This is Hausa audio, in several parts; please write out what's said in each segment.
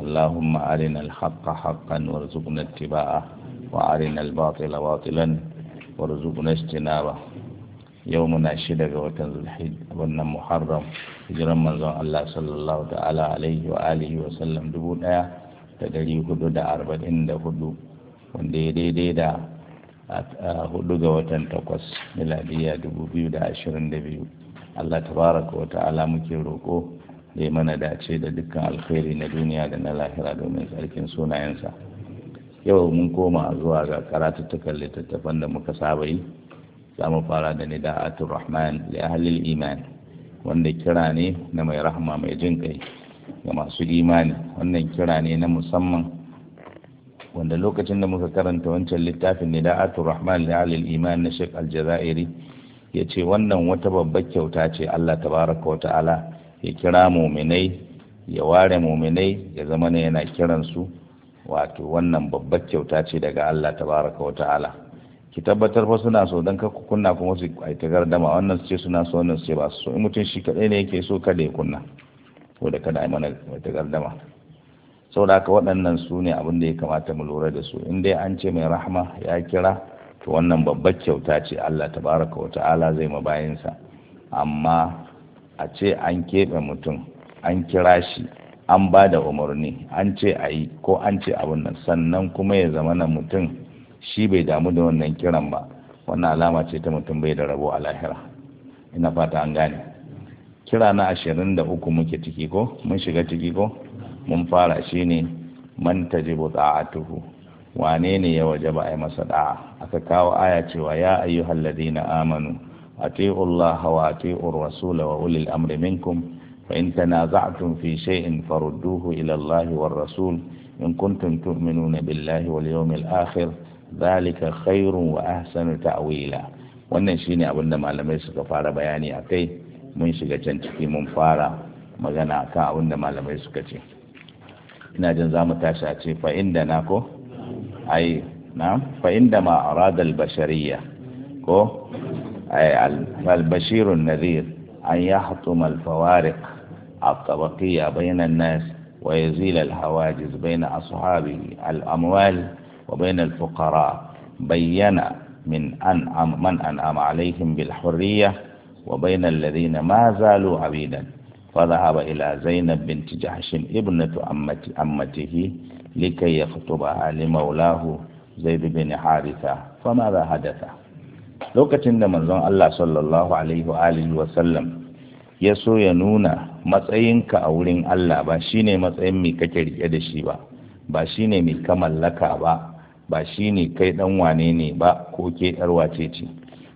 اللهم أرنا الحق حقا وارزقنا اتباعه وأرنا الباطل باطلا وارزقنا اجتنابه يومنا شدة وتن ذو الحج ون محرم hijiran manzon Allah sallallahu ta'ala alaihi wa sallam dubu ɗaya da dari hudu da arba'in da hudu ga watan takwas miladiya dubu biyu da ashirin da biyu Allah tabaraka wa ta'ala muke roƙo da ya mana dace da dukkan alkhairi na duniya da na lahira domin tsarkin sunayensa yau mun koma zuwa ga karatuttukan littattafan da muka saba yi za mu fara da ni nida'atul rahman li ahlil iman wanda kira ne na mai rahama mai jin kai ga masu imani wannan kira ne na musamman wanda lokacin da muka karanta wancan littafin ni nida'atul rahman li ahlil iman na Sheikh Aljazairi ya ce wannan wata babbar kyauta ce Allah tabaraka wa ta'ala ya kira muminai ya ware muminai ya zama ne yana kiransu wato wannan babbar kyauta ce daga Allah tabaraka wa ta'ala ki tabbatar fa suna so dan ka kunna kuma su ai ta gardama wannan su ce suna so wannan su ce ba su so in mutum shi kadai ne yake so kada ya kunna ko da kada ai mana ta gardama saboda haka waɗannan su ne abin da ya kamata mu lura da su in dai an ce mai rahama ya kira to wannan babbar kyauta ce Allah tabaraka wa ta'ala zai ma bayinsa amma a ce an keɓe mutum an kira shi an ba da umarni an ce a yi ko an ce abin nan sannan kuma ya zama na mutum shi bai damu da wannan kiran ba wannan alama ce ta mutum bai da rabo a lahira ina fata an gane kira na ashirin da uku muke ciki ko mun shiga ciki ko mun fara shi ne man a tuhu. wane ne ya waje ba a yi masa da'a aka kawo aya cewa ya ayyuhal ladina amanu أطيعوا الله وأطيعوا الرسول وأولي الأمر منكم فإن تنازعتم في شيء فردوه إلى الله والرسول إن كنتم تؤمنون بالله واليوم الآخر ذلك خير وأحسن تأويلا wannan shine abin da malamai suka fara bayani a kai mun shiga can ciki mun fara magana kan abin da malamai suka ce ina jin za mu tashi a ce fa'in na ko? ai na fa'in da ma aradal bashariya ko فالبشير النذير أن يحطم الفوارق الطبقية بين الناس ويزيل الحواجز بين أصحاب الأموال وبين الفقراء بين من أنعم من أنعم عليهم بالحرية وبين الذين ما زالوا عبيدا فذهب إلى زينب بنت جحش ابنة أمته لكي يخطبها لمولاه زيد بن حارثة فماذا حدث lokacin da manzon Allah sallallahu alaihi wa alihi wa sallam ya so ya nuna matsayinka a wurin Allah ba shine matsayin mai kake rike da shi ba ba shine mai ka mallaka ba ba shine kai dan wane ne ba ko ke yar wace ce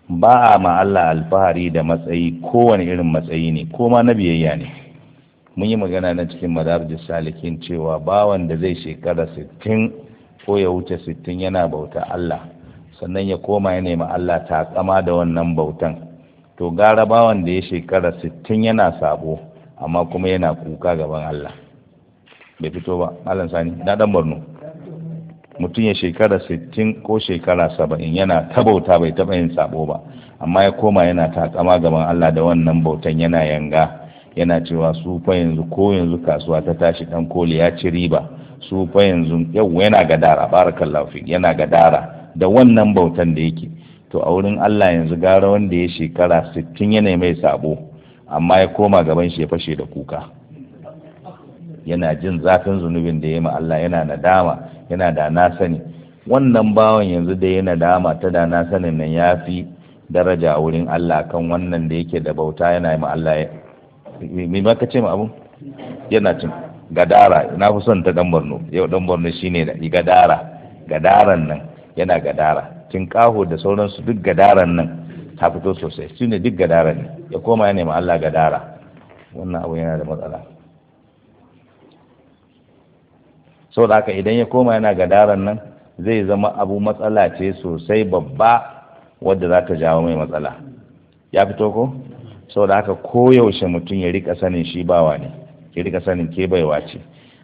ba a ma Allah alfahari da matsayi kowane irin matsayi ne ko ma na biyayya ne mun yi magana na cikin madarijin salikin cewa bawan da zai shekara sittin ko ya wuce sittin yana bauta Allah sannan ya koma ya nemi Allah ta tsama da wannan bautan to gara bawan da ya shekara sittin yana sabo amma kuma yana kuka gaban Allah bai fito ba malam sani na dan Borno mutum ya shekara sittin ko shekara saba'in yana ta bauta bai taba yin sabo ba amma ya koma yana ta tsama gaban Allah da wannan bautan yana yanga yana cewa su fa yanzu ko yanzu kasuwa ta tashi dan koli ya ci riba su fa yanzu yau yana gadara barakallahu fi yana gadara da wannan bautan da yake to a wurin Allah yanzu gara wanda ya shekara sittin yana mai sabo amma ya koma gaban shi ya fashe da kuka yana jin zafin zunubin da ya ma Allah yana nadama yana da na sani wannan bawan yanzu da ya nadama ta da na sanin nan ya fi daraja wurin Allah kan wannan da yake da bauta yana ma Allah ya me ce ma abu yana cin gadara na fi son ta dan Borno yau dan Borno shine da gadara gadaran nan yana gadara kaho da sauransu duk gadaran nan ta fito sosai Su ne duk gadaran ne ya koma ya nema Allah gadara wannan abu yana da matsala sau da haka idan ya koma yana gadaran nan zai zama abu matsala ce sosai babba wadda za ta jawo mai matsala ya fito ko sau da haka koyaushe mutum ya rika sanin shi bawa ne ya rika sanin ke baiwa ce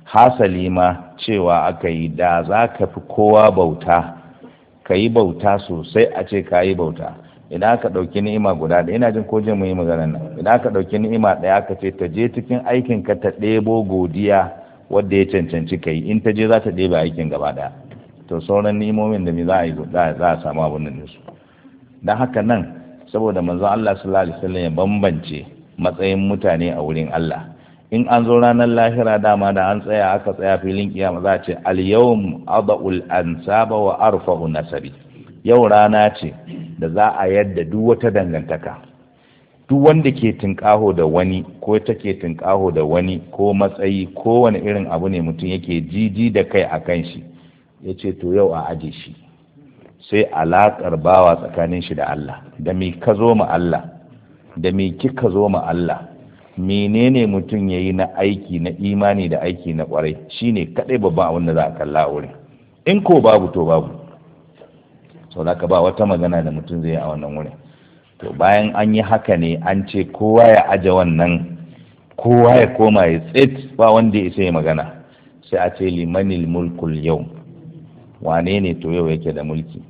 hasali ma cewa aka yi da za ka fi kowa bauta ka yi bauta sosai a ce ka yi bauta idan aka ɗauki ni'ima guda ɗaya ina jin ko jin mun yi maganar nan idan aka ɗauki ni'ima ɗaya ka ce ta je cikin aikin ka ta ɗebo godiya wadda ya cancanci ka yi. in ta je za ta ɗebe aikin gaba ɗaya to sauran ni'imomin da mi za a yi za a samu abin da su don haka nan saboda manzon Allah sallallahu alaihi wasallam ya bambance matsayin mutane a wurin Allah in an zo ranar lahira dama da an tsaya aka tsaya filin kiyama za a ce al-yawm adul ansaba wa arfa'u nasabi yau rana ce da za a yadda duk wata dangantaka duk wanda ke tunƙaho da wani ko take tunƙaho da wani ko matsayi ko wani irin abu ne mutum yake jiji da kai a kan shi ya ce to yau a aje shi sai alaƙar bawa tsakanin shi da Allah da me ka zo ma Allah da mi kika zo ma Allah menene mutum ya yi na aiki na imani da aiki na kwarai shine kadai babban abin da za a kalla a wurin in ko babu to babu sau da ka ba wata magana da mutum zai yi a wannan wurin to bayan an yi haka ne an ce kowa ya aje wannan kowa ya koma ya tsit ba wanda ya isa magana sai a ce limanil mulkul yau wane ne to yau yake da mulki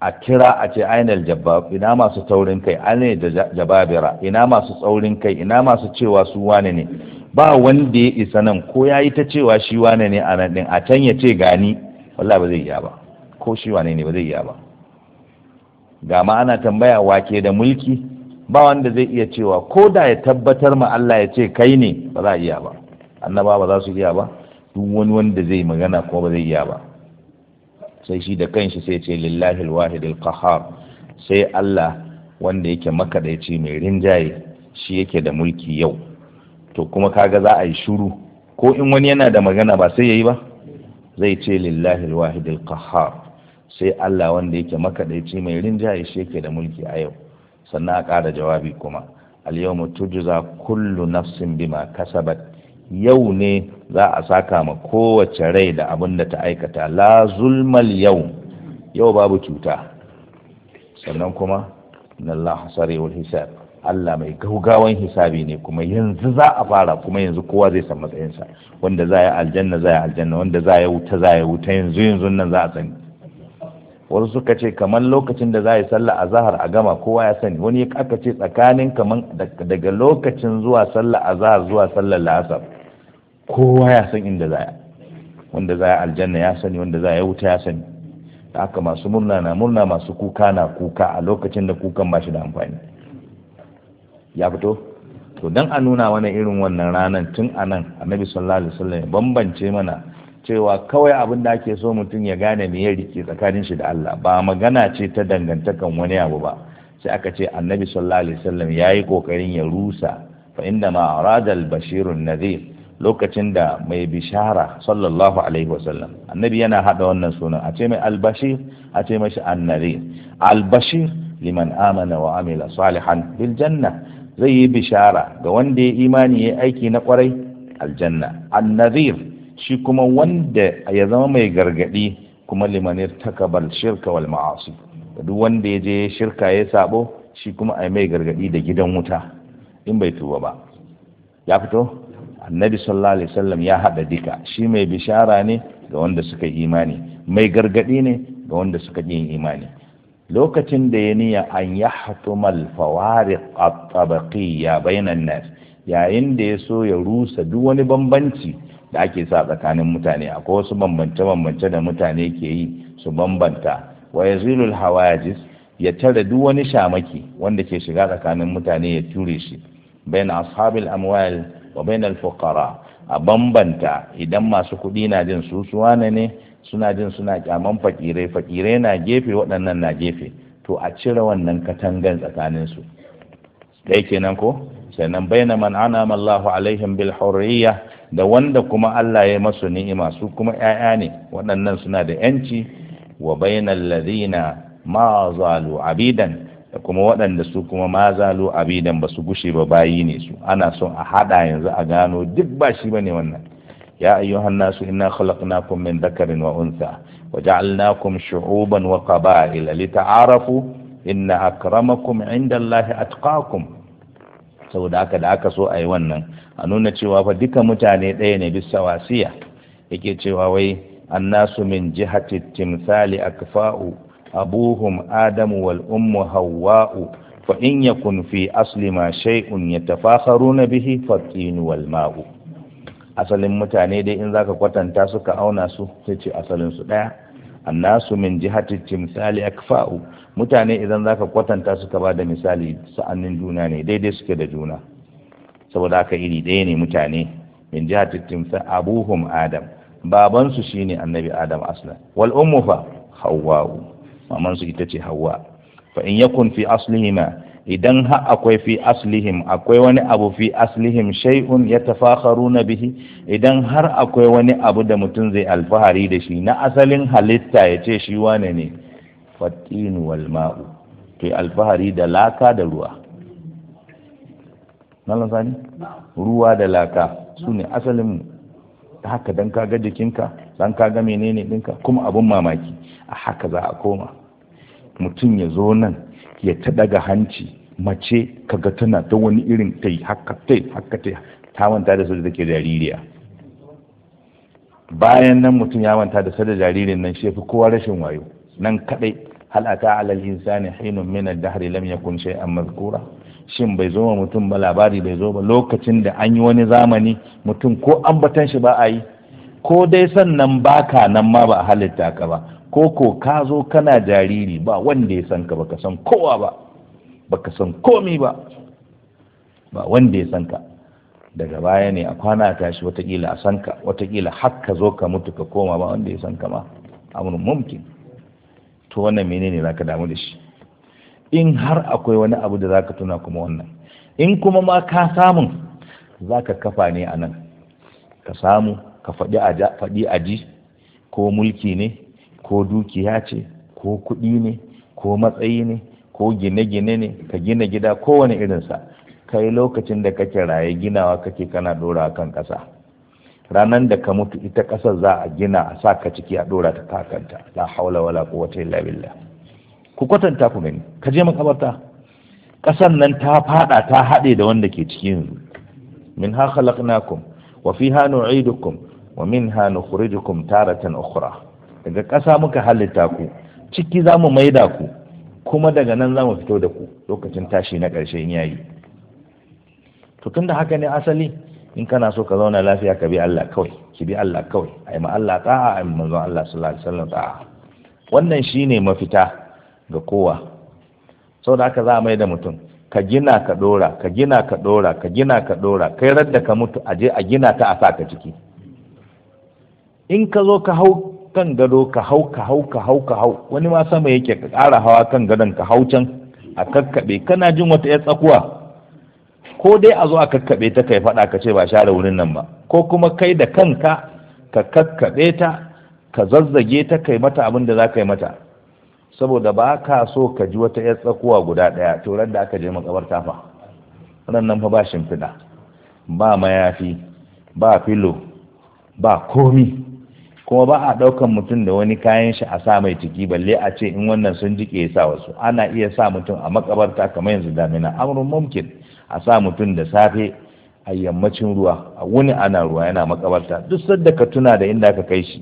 a kira a ce ainihin jabab ina masu taurin kai da jababira ina masu tsaurin kai ina masu cewa su wane ne ba wanda ya isa nan ko ya yi ta cewa shi wane ne a nan din a can ya ce gani wallah ba zai iya ba ko shi wane ne ba zai iya ba ga ma ana tambaya wake da mulki ba wanda zai iya cewa ko da ya tabbatar ma Allah ya ce kai ne ba za a iya ba annaba ba za su iya ba duk wani wanda zai magana ko ba zai iya ba sai shi da kanshi sai ce lillahi alwahid alqahar sai Allah wanda yake makadaici mai rinjaye shi yake da mulki yau to kuma kaga za a yi shuru ko in wani yana da magana ba sai yayi ba zai ce lillahi alwahid alqahar sai Allah wanda yake makadaici mai rinjaye shi yake da mulki a yau sannan a ƙara jawabi kuma al yawma tujza kullu nafsin bima kasabat yau ne za a saka ma kowace rai da abin da ta aikata la zulmal yau yau babu cuta sannan kuma na Allah sarewar hisab Allah mai gaugawan hisabi ne kuma yanzu za a fara kuma yanzu kowa zai san matsayinsa wanda za yi aljanna za yi aljanna wanda za yi wuta za yi wuta yanzu yanzu nan za a sani wasu suka ce kamar lokacin da za yi sallah a zahar a gama kowa ya sani wani ya ce tsakanin kamar daga lokacin zuwa sallah a zahar zuwa sallar la'asar kowa ya san inda za wanda za aljanna ya sani wanda za ya wuta ya sani da haka masu murna na murna masu kuka na kuka a lokacin da kukan ba shi da amfani ya fito to don a nuna wani irin wannan ranar tun a nan annabi sallallahu alaihi wasallam bambance mana cewa kawai abin da ake so mutum ya gane me ya rike tsakanin shi da Allah ba magana ce ta dangantakan wani abu ba sai aka ce annabi sallallahu alaihi wasallam yayi kokarin ya rusa fa inda ma arada al-bashirun nadhir lokacin da mai bishara sallallahu alaihi wasallam annabi yana hada wannan sunan a ce mai albashir a ce mashi annari albashir liman amana wa amila salihan bil janna zai yi bishara ga wanda ya imani ya aiki na kwarai aljanna annazir shi kuma wanda ya zama mai gargadi kuma liman takabal shirka wal ma'asi duk wanda ya je shirka ya sabo shi kuma ai mai gargadi da gidan wuta in bai tuba ba ya fito annabi sallallahu alaihi wasallam ya hada duka shi mai bishara ne ga wanda suka yi imani mai gargadi ne ga wanda suka yi imani lokacin da ya niya an ya hatumal fawariq at-tabaqiyya bainan nas yayin da ya so ya rusa duk wani bambanci da ake sa tsakanin mutane akwai wasu bambance bambance da mutane ke yi su bambanta wa al hawajis ya tare duk wani shamaki wanda ke shiga tsakanin mutane ya ture shi bain ashabil amwal wa bainal fuqara a bambanta idan masu kuɗi na jin su suwana ne suna jin suna kyaman fakirai fakirai na gefe waɗannan na gefe to a cire wannan katangan tsakanin su dai kenan ko sannan baina man anama Allahu alaihim bil hurriya da wanda kuma Allah ya masu ni'ima su kuma ƴaƴa ne waɗannan suna da yanci wa bainal ladina ma zalu abidan da kuma waɗanda su kuma ma zalo abidan ba su gushe ba bayi ne su ana son a haɗa yanzu a gano duk ba shi ba ne wannan ya ayyuhan nasu inna khalaqnakum min dhakarin wa untha wa ja'alnakum shu'uban wa qaba'ila lita'arafu inna akramakum 'inda Allahi atqakum saboda haka da aka so a yi wannan a nuna cewa fa duka mutane ɗaya ne bisa wasiya yake cewa wai annasu min jihati timsali akfa'u abuhum adamu wal ummu hawwa'u fa in yakun fi asli ma shay'un yatafakharuna bihi fatin wal ma'u asalin mutane dai in zaka kwatanta suka auna su sai ce asalin su daya annasu min jihati timsali akfa'u mutane idan zaka kwatanta suka ba da misali sa'annin juna ne daidai suke da juna saboda haka iri ɗaya ne mutane min jihati timsal abuhum adam baban su shine annabi adam aslan wal ummu fa hawwa'u maman su ita ce hawa fa in yakun fi aslihima idan ha akwai fi aslihim akwai wani abu fi aslihim shay'un yatafakharuna bihi idan har akwai wani abu da mutum zai alfahari da shi na asalin halitta ya ce shi wane ne fatin wal ma'u to alfahari da laka da ruwa malam sani ruwa da laka su ne asalin haka dan kaga jikinka dan kaga menene dinka kuma abun mamaki a haka za a koma mutum ya zo nan ya ta daga hanci mace kaga tana ta wani irin tai haka tai haka tai ta manta da da take jaririya bayan nan mutum ya manta da sadar jaririn nan shefi kowa rashin wayo nan kadai hal ata ala al-insani hinun min al dahr lam yakun shay'an mazkura shin bai zo mutum ba labari bai zo ba lokacin da an yi wani zamani mutum ko ambatan shi ba a yi ko dai sannan baka nan ma ba a halitta ka ba ko ko ka zo kana jariri ba wanda ya san ka baka san kowa ba baka san komi ba ba wanda ya san ka daga baya ne a kwana tashi watakila a san ka watakila har ka zo ka mutu ka koma ba wanda ya san ka ma amurin mumkin to wannan menene zaka damu da shi in har akwai wani abu da zaka tuna kuma wannan in kuma ma ka samun zaka kafa ne a nan ka samu ka faɗi a ji ko mulki ne ko dukiya ce ko kuɗi ne ko matsayi ne ko gine-gine ne ka gina gida kowane irinsa kai lokacin da kake raye ginawa kake kana dora kan ƙasa ranar da ka mutu ita ƙasar za a gina a sa ka ciki a ɗora ta kakanta la haula wala quwwata illa billah ku kwatanta ku gani ka je makabarta ƙasar nan ta faɗa ta haɗe da wanda ke ciki yanzu min ha khalaqnakum wa fiha nu'idukum wa minha nukhrijukum taratan ukhra daga ƙasa muka halitta ku ciki za mu maida ku kuma daga nan za mu fito da ku lokacin tashi na ƙarshe in yayi to tun da haka ne asali in kana so ka zauna lafiya ka bi Allah kawai ki bi Allah kawai ai ma Allah ta'a ai manzon Allah sallallahu alaihi wasallam ta'a wannan shine mafita ga kowa da haka za a maida mutum ka gina ka dora ka gina ka dora ka gina ka dora kai radda ka mutu aje a gina ta a saka ciki in ka zo ka hau kan gado ka hau ka hau ka hau ka hau wani ma sama yake ka ƙara hawa kan gadon ka hau can a kakkaɓe kana jin wata ya tsakuwa ko dai a zo a kakkaɓe ta kai faɗa ka ce ba share wurin nan ba ko kuma kai da kanka ka kakkaɓe ta ka zazzage ta kai mata abin da za ka yi mata saboda ba ka so ka ji wata ya tsakuwa guda ɗaya to da aka je makabarta fa ran nan fa ba shimfiɗa ba mayafi ba filo ba komi kuma ba a ɗaukan mutum da wani kayan shi a sa mai ciki balle a ce in wannan sun jike ya sa wasu ana iya sa mutum a makabarta kamar yanzu damina amurin mumkin a sa mutum da safe a yammacin ruwa a wuni ana ruwa yana makabarta duk sadda ka tuna da inda ka kai shi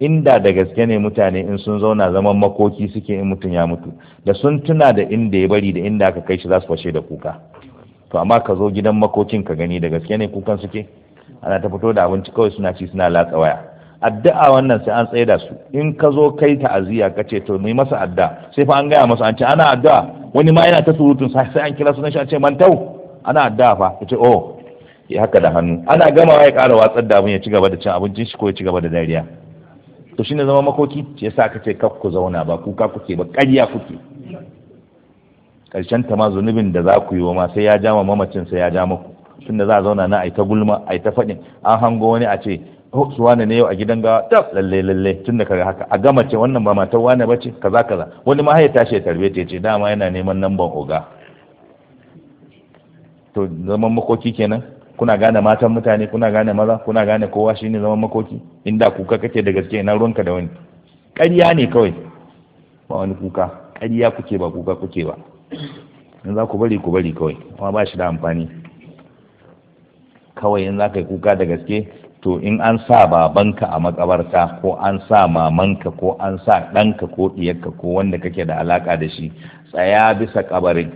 inda da gaske ne mutane in sun zauna zaman makoki suke in mutum ya mutu da sun tuna da inda ya bari da inda ka kai shi za su fashe da kuka to amma ka zo gidan makokin ka gani da gaske ne kukan suke ana ta fito da abinci kawai suna ci suna latsa waya addu'a wannan sai an da su in ka zo kai ta'aziyya ka ce to mai masa addu'a sai fa an gaya masa an ce ana addu'a wani ma yana ta surutun sai an kira sunan shi an ce mantau ana addu'a fa ya ce oh ya haka da hannu ana gamawa ya ƙara watsar da abin ya ci gaba da cin abincin shi ko ya ci gaba da dariya to shine zama makoki shi yasa ka ce kaf ku zauna ba kuka kuke ba ƙarya kuke Karshen ta ma zunubin da za ku yi wa ma sai ya jama mamacin sai ya jama ku tunda za a zauna na aita gulma aita ta faɗin an hango wani a ce oh su wane ne yau a gidan gawa tab lalle lalle tun da kare haka a gama ce wannan ba matar wane ba ce kaza kaza wani ma ya tashi ya tarbe ta ce dama yana neman namban oga to zaman makoki kenan kuna gane matan mutane kuna gane maza kuna gane kowa shine zaman makoki inda kuka kake da gaske ina ruwanka da wani ƙarya ne kawai ba wani kuka ƙarya kuke ba kuka kuke ba in za ku bari ku bari kawai amma ba shi da amfani kawai in za ka yi kuka da gaske to in an sa babanka a makabarta ko an sa mamanka ko an sa ɗanka ko ɗiyarka ko wanda kake da alaka da shi tsaya bisa kabarin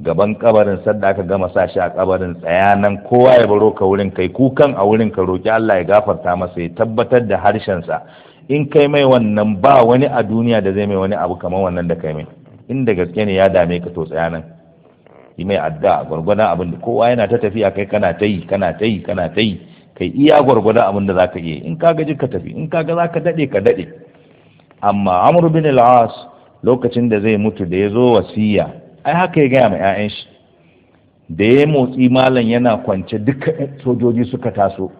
gaban kabarin sadda aka gama sa shi a kabarin tsaya nan kowa ya baro ka wurin kai kukan a wurin ka roki Allah ya gafarta masa ya tabbatar da harshensa in kai mai wannan ba wani a duniya da zai mai wani abu kamar wannan da kai mai in gaske ne ya dame ka to tsaya nan yi mai adda gwargwadon abin da kowa yana ta tafiya kai kana ta yi kana ta yi kana ta yi kai iya gwargwada abin da zaka yi in ka gaji ka tafi in kaga zaka dade ka dade amma amr bin al-as lokacin da zai mutu da ya zo wasiya ai haka ya gaya ma 'ya'yan shi da ya motsi malam yana kwance duka sojoji suka taso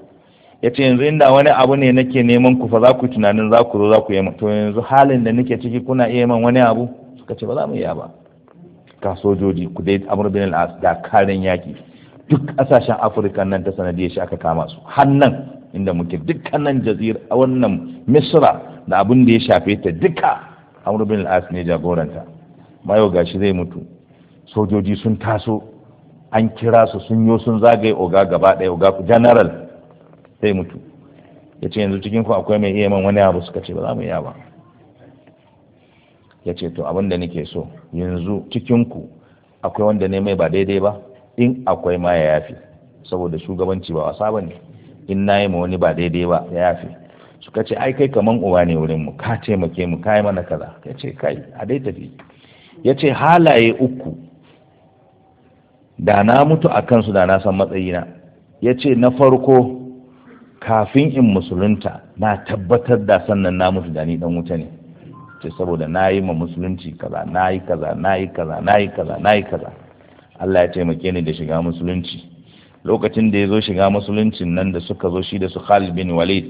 ya ce yanzu inda wani abu ne nake neman ku fa za ku tunanin za ku zo za ku yi to yanzu halin da nake ciki kuna iya man wani abu suka ce ba za mu iya ba ka sojoji ku dai amur bin da karin yaki duk ƙasashen afirka nan ta sanadiyar shi aka kama su hannan inda muke dukkanin jazir a wannan misra da abin da ya shafe ta duka amr bin al ne jagoranta mayo gashi zai mutu sojoji sun taso an kira su sun yo sun zagaye oga gaba ɗaya oga general zai mutu ya ce yanzu cikin ku akwai mai iya man wani abu suka ce ba za mu iya ba ya ce to abin da nake so yanzu cikin ku akwai wanda ne mai ba daidai ba in akwai ma ya yafe saboda shugabanci ba wasa bane in nayi ma wani ba daidai ba ya yafe suka ce ai kai kaman uwa ne wurin mu ka taimake mu kai mana kaza ya ce kai a dai tafi ya ce halaye uku da na mutu a kansu da na san matsayina ya ce na farko kafin in musulunta na tabbatar da sannan na mutu da ni dan wuta ne ce saboda na yi ma musulunci kaza na yi kaza na yi kaza na yi kaza na yi kaza Allah ya taimake ni da shiga musulunci lokacin da ya zo shiga musuluncin nan da suka zo shi da su Khalid bin Walid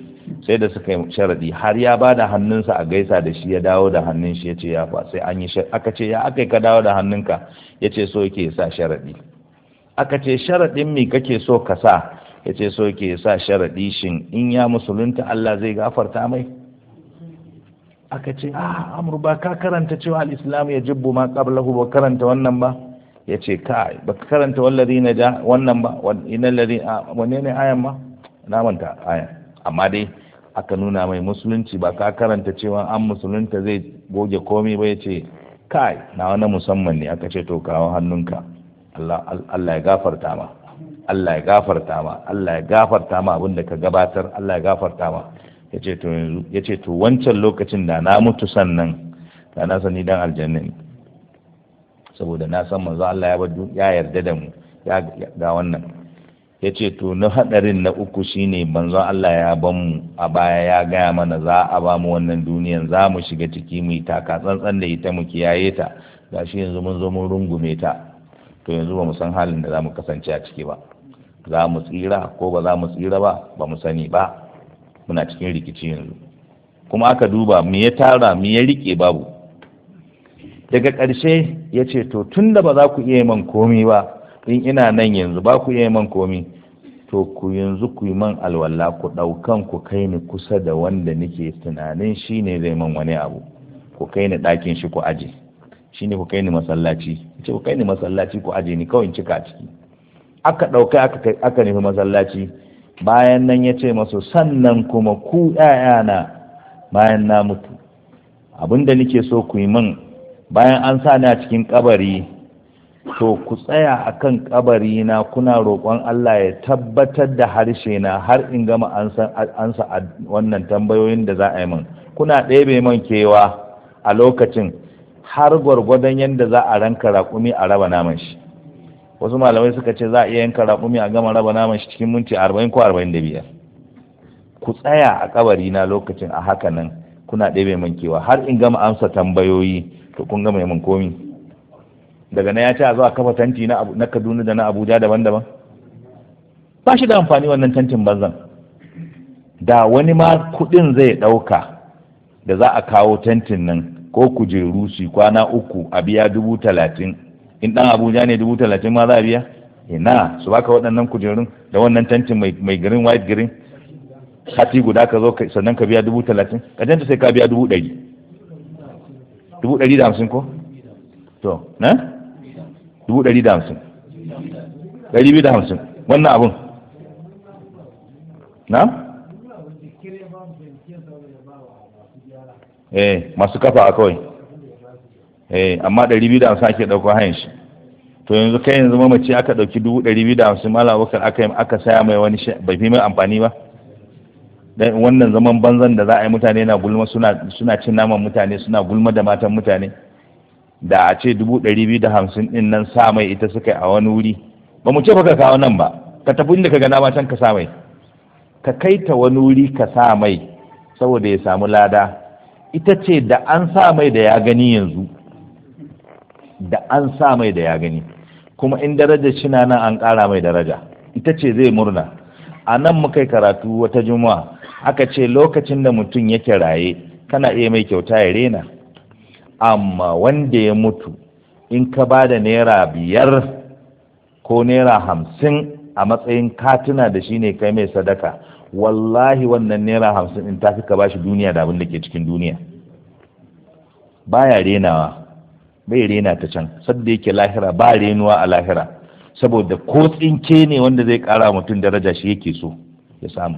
sai da suka yi sharadi har ya ba da hannunsa a gaisa da shi ya dawo da hannun shi ya ce ya fa sai an yi aka ce ya aka ka dawo da hannunka ya ce so yake sa sharadi aka ce sharadin me kake so ka sa ya ce so yake sa sharadi shin in ya musulunta Allah zai gafarta mai aka ce ah amru ba ka karanta cewa al-islam ya jibbu ma qablahu ba karanta wannan ba ya ce kai ba ka karanta wallazi na ja wannan ba wanne ne ayan ma na manta ayan amma dai aka nuna mai musulunci ba ka karanta cewa an musulunta zai goge komai ba ya ce kai na wani musamman ne aka ce to kawo hannunka Allah ya gafarta ma Allah ya gafarta ma Allah ya gafarta ma abinda da ka gabatar Allah ya gafarta ma ya ce to wancan lokacin da na mutu sannan da na sani dan aljanna ne saboda na san manzo Allah ya ya yarda da mu ga wannan ya ce to na hadarin na uku shine manzo Allah ya ban mu a baya ya gaya mana za a ba mu wannan duniyan za mu shiga ciki mu taka tsantsan da ita mu kiyaye ta gashi yanzu mun zo mun rungume ta to yanzu ba mu san halin da za mu kasance a ciki ba za mu tsira ko ba za mu tsira ba ba mu sani ba muna cikin rikici yanzu kuma aka duba me ya tara me ya rike babu daga ƙarshe ya ce to tun da ba za ku iya man komi ba in ina nan yanzu ba ku iya man komi to ku yanzu ku yi man alwala ku ɗaukan ku kai ni kusa da wanda nake tunanin shi ne zai man wani abu ku kai ni ɗakin shi ku aje shi ne ku kai ni masallaci ce ku kai ni masallaci ku aje ni kawai cika ciki aka ɗauka aka nufi masallaci bayan nan ya ce masu sannan kuma ku ƴaƴana bayan na mutu abinda nike so ku yi min bayan an sa ni a cikin kabari to ku tsaya a kan na kuna roƙon Allah ya tabbatar da harshe na har in gama ansa wannan tambayoyin da za a yi min kuna ɗebe man kewa a lokacin har gwargwadon yadda za a ranka raƙumi a raba naman shi wasu malamai suka ce za a iya yanka raƙumi a gama raba naman shi cikin minti arba'in ko arba'in da biyar ku tsaya a kabari na lokacin a haka nan kuna ɗebe man kewa har in gama amsa tambayoyi to kun ga mai komi daga na ya ce a zuwa kafa tanti na Kaduna da na Abuja daban-daban ba shi da amfani wannan tantin banzan da wani ma kuɗin zai ɗauka da za a kawo tantin nan ko kujeru su kwana uku a biya dubu talatin in ɗan Abuja ne dubu talatin ma za a biya ina su baka waɗannan kujerun da wannan tantin mai girin white girin hati guda ka zo sannan ka biya dubu talatin ka janta sai ka biya dubu ɗari dubu ɗari da hamsin ko to na dubu ɗari da hamsin ɗari biyu da hamsin wannan abun na eh masu kafa a kawai eh amma ɗari biyu da hamsin ake ɗauko hanyar shi to yanzu kai yanzu mamaci aka ɗauki dubu ɗari biyu da hamsin malam bakar aka aka saya mai wani bai fi mai amfani ba wannan zaman banzan da za a yi mutane na gulma suna cin naman mutane suna gulma da matan mutane da a ce dubu ɗari biyu da hamsin ɗin nan sa mai ita suka yi a wani wuri ba mu ce ba ka kawo nan ba ka tafi inda ka gana can ka sa mai ka kai ta wani wuri ka sa mai saboda ya samu lada ita ce da an sa mai da ya gani yanzu da an sa mai da ya gani kuma in daraja shina nan an ƙara mai daraja ita ce zai murna a nan muka kai karatu wata juma'a aka ce lokacin da mutum yake raye kana iya mai kyauta ya rena amma wanda ya mutu in ka ba da naira biyar ko naira hamsin a matsayin katuna da shi ne kai mai sadaka wallahi wannan naira hamsin in ta fi ka bashi duniya da abin da ke cikin duniya baya renawa bai rena ta can sadda yake lahira ba renuwa a lahira saboda ko tsinke ne wanda zai kara mutum daraja shi yake so ya samu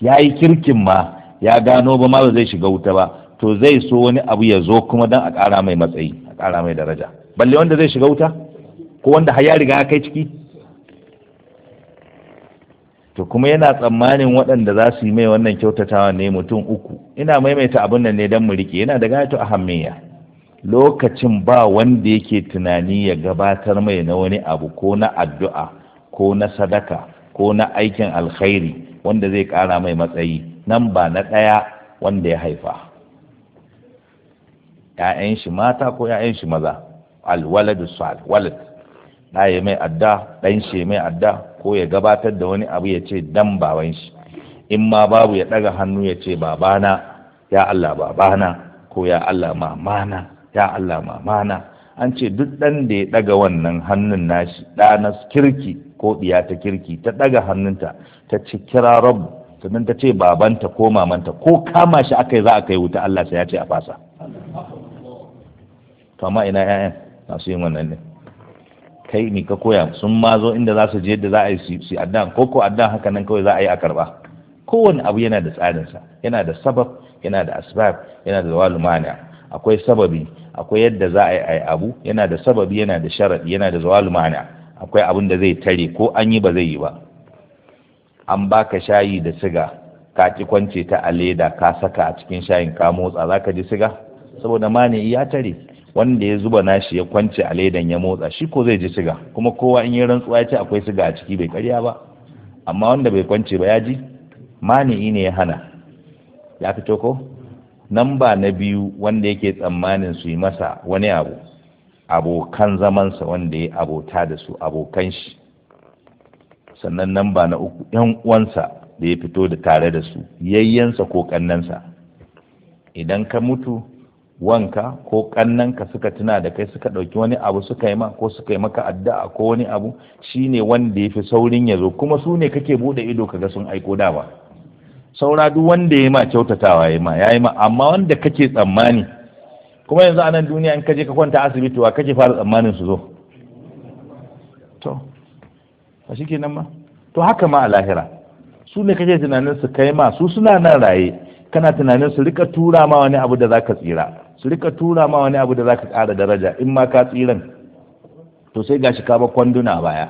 ya yi kirkin ma ya gano ba ma ba zai shiga wuta ba to zai so wani abu ya zo kuma dan a ƙara mai matsayi a ƙara mai daraja balle wanda zai shiga wuta ko wanda har ya riga ya kai ciki to kuma yana tsammanin waɗanda za su yi mai wannan kyautatawa ne mutum uku ina maimaita abin nan ne don mu rike yana da gato a hammiya lokacin ba wanda yake tunani ya gabatar mai na wani abu ko na addu'a ko na sadaka ko na aikin alkhairi wanda zai kara mai matsayi nan ba na ɗaya wanda ya haifa ‘ya'yan shi mata ko ‘ya'yan shi maza alwaladu sal walad na ya mai adda ɗan shi mai adda ko ya gabatar da wani abu ya ce dan baban shi in ma babu ya ɗaga hannu ya ce babana ya Allah babana ko ya Allah mamana ya Allah mamana an ce duk ɗan da ya ɗaga wannan hannun nashi ɗa na kirki ko ɗiya ta kirki ta ɗaga hannunta ta ci kira rabu sannan ta ce babanta ko mamanta ko kama shi aka za a kai wuta Allah sai ya ce a fasa to amma ina 'ya'yan masu yin wannan ne kai ni ka koya sun ma zo inda za su je da za a yi su addan ko ko addan haka nan kawai za a yi a karba kowane abu yana da tsarinsa yana da sabab yana da asbab yana da zawalu akwai sababi akwai yadda za a yi abu yana da sababi yana da sharadi yana da zawalu lumana akwai abin da zai tare ko an yi ba zai yi ba an baka shayi da siga ka ci kwance ta a leda ka saka a cikin shayin ka motsa za ka ji siga saboda mani ya tare wanda ya zuba nashi ya kwance a ledan ya motsa shi ko zai ji siga kuma kowa in yi rantsuwa ya ce akwai siga a ciki bai karya ba amma wanda bai kwance ba ya ji mani ne ya hana ya fito ko nan ba na biyu wanda yake tsammanin su yi masa wani abu abokan zamansa wanda ya abota da su abokan shi sannan nan ba na uku yan uwansa da ya fito da tare da su yayyansa ko kannansa idan ka mutu wanka ko kannanka suka tuna da kai suka ɗauki wani abu suka yi ma ko suka yi maka addu'a ko wani abu shine wanda ya fi saurin ya zo kuma su ne kake buɗe ido kaga sun aiko da ba saura duk wanda ya ma kyautatawa ya ma ya ma amma wanda kake tsammani kuma yanzu a nan duniya in kaje ka kwanta asibiti wa kake fara tsammanin su zo to a shi nan ma to haka ma a lahira su ne kake tunanin su kai ma su suna nan raye kana tunanin su rika tura ma wani abu da zaka tsira su rika tura ma wani abu da zaka ƙara daraja in ma ka tsiran to sai gashi ka ba kwanduna baya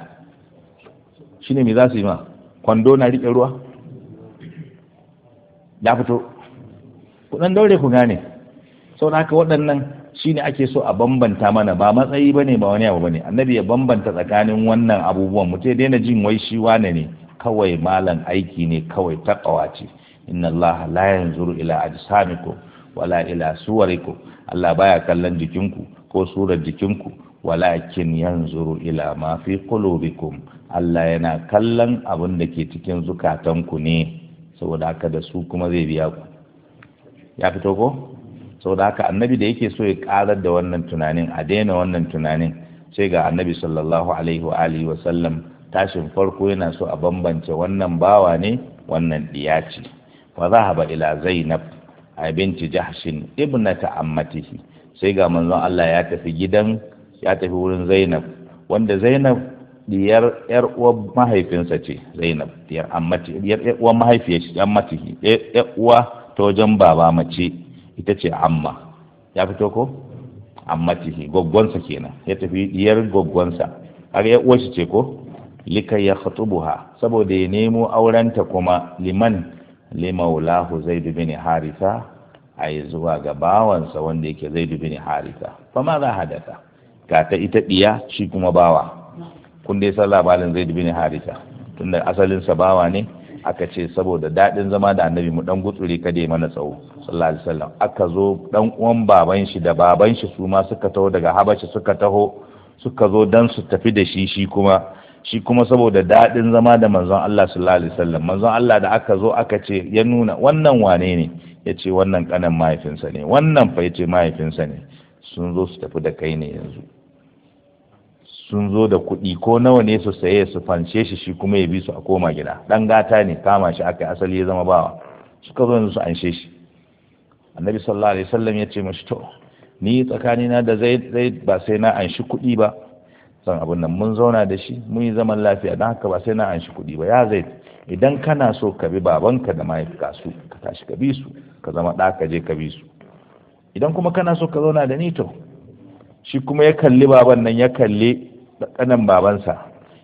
shine me za su yi ma kwando na rike ruwa ya fito ku daure ku gane sau haka waɗannan shi ne ake so a bambanta mana ba matsayi bane ba wani abu bane annabi ya bambanta tsakanin wannan abubuwan mutum ya daina jin wai shi wane ne kawai malam aiki ne kawai ta ce inna allaha la yanzuru ila ajsamikum wala ila suwarikum Allah baya kallon jikinku ko surar jikinku walakin yanzuru ila ma fi qulubikum Allah yana kallon abin da ke cikin zukatanku ne saboda haka da su kuma zai biya ku ya fito ko saboda haka annabi da yake so ya karar da wannan tunanin a daina wannan tunanin sai ga annabi sallallahu alaihi wa alihi wa sallam tashin farko yana so a bambance wannan bawa ne wannan diya ce wa zahaba ila zainab a binti jahshin ibnata ammatihi sai ga manzon Allah ya tafi gidan ya tafi wurin zainab wanda zainab diyar yar uwar mahaifinsa ce zainab diyar ammati diyar uwar mahaifiyar ammatihi yar uwa ta wajen baba mace ita ce amma ya fito ko ammatihi gwaggwansa kenan ya tafi diyar gwaggwansa har ya uwarsa ce ko lika ya khatubuha saboda ya nemo aurenta kuma liman limaulahu zaidu bin harisa a yi zuwa ga bawansa wanda yake zaidu bin harisa fa ma za hadasa ga ta ita diya shi kuma bawa kun dai san labarin zaidu bin harisa tunda asalinsa bawa ne aka ce saboda daɗin zama da annabi mu dan gutsuri kade mana tsawo sallallahu alaihi wasallam aka zo dan uwan baban shi da baban shi su ma suka taho daga habashi suka taho suka zo dan su tafi da shi shi kuma shi kuma saboda daɗin zama da manzon Allah sallallahu alaihi wasallam manzon Allah da aka zo aka ce ya nuna wannan wane ne ya ce wannan kanan mahaifinsa ne wannan fa ya mahaifinsa ne sun zo su tafi da kai ne yanzu sun zo da kuɗi ko nawa ne su saye su fance shi shi kuma ya bi su a koma gida Ɗan gata ne kama shi aka asali ya zama bawa suka zo yanzu su anshe shi annabi sallallahu alaihi wasallam ya ce mashi to ni tsakanina da zai zai ba sai na anshi kuɗi ba san abin nan mun zauna da shi mun yi zaman lafiya don haka ba sai na anshi kuɗi ba ya zai idan kana so ka bi babanka da ka su ka tashi ka bi su ka zama ɗa ka je ka bi su idan kuma kana so ka zauna da ni to shi kuma ya kalli baban nan ya kalli kanan babansa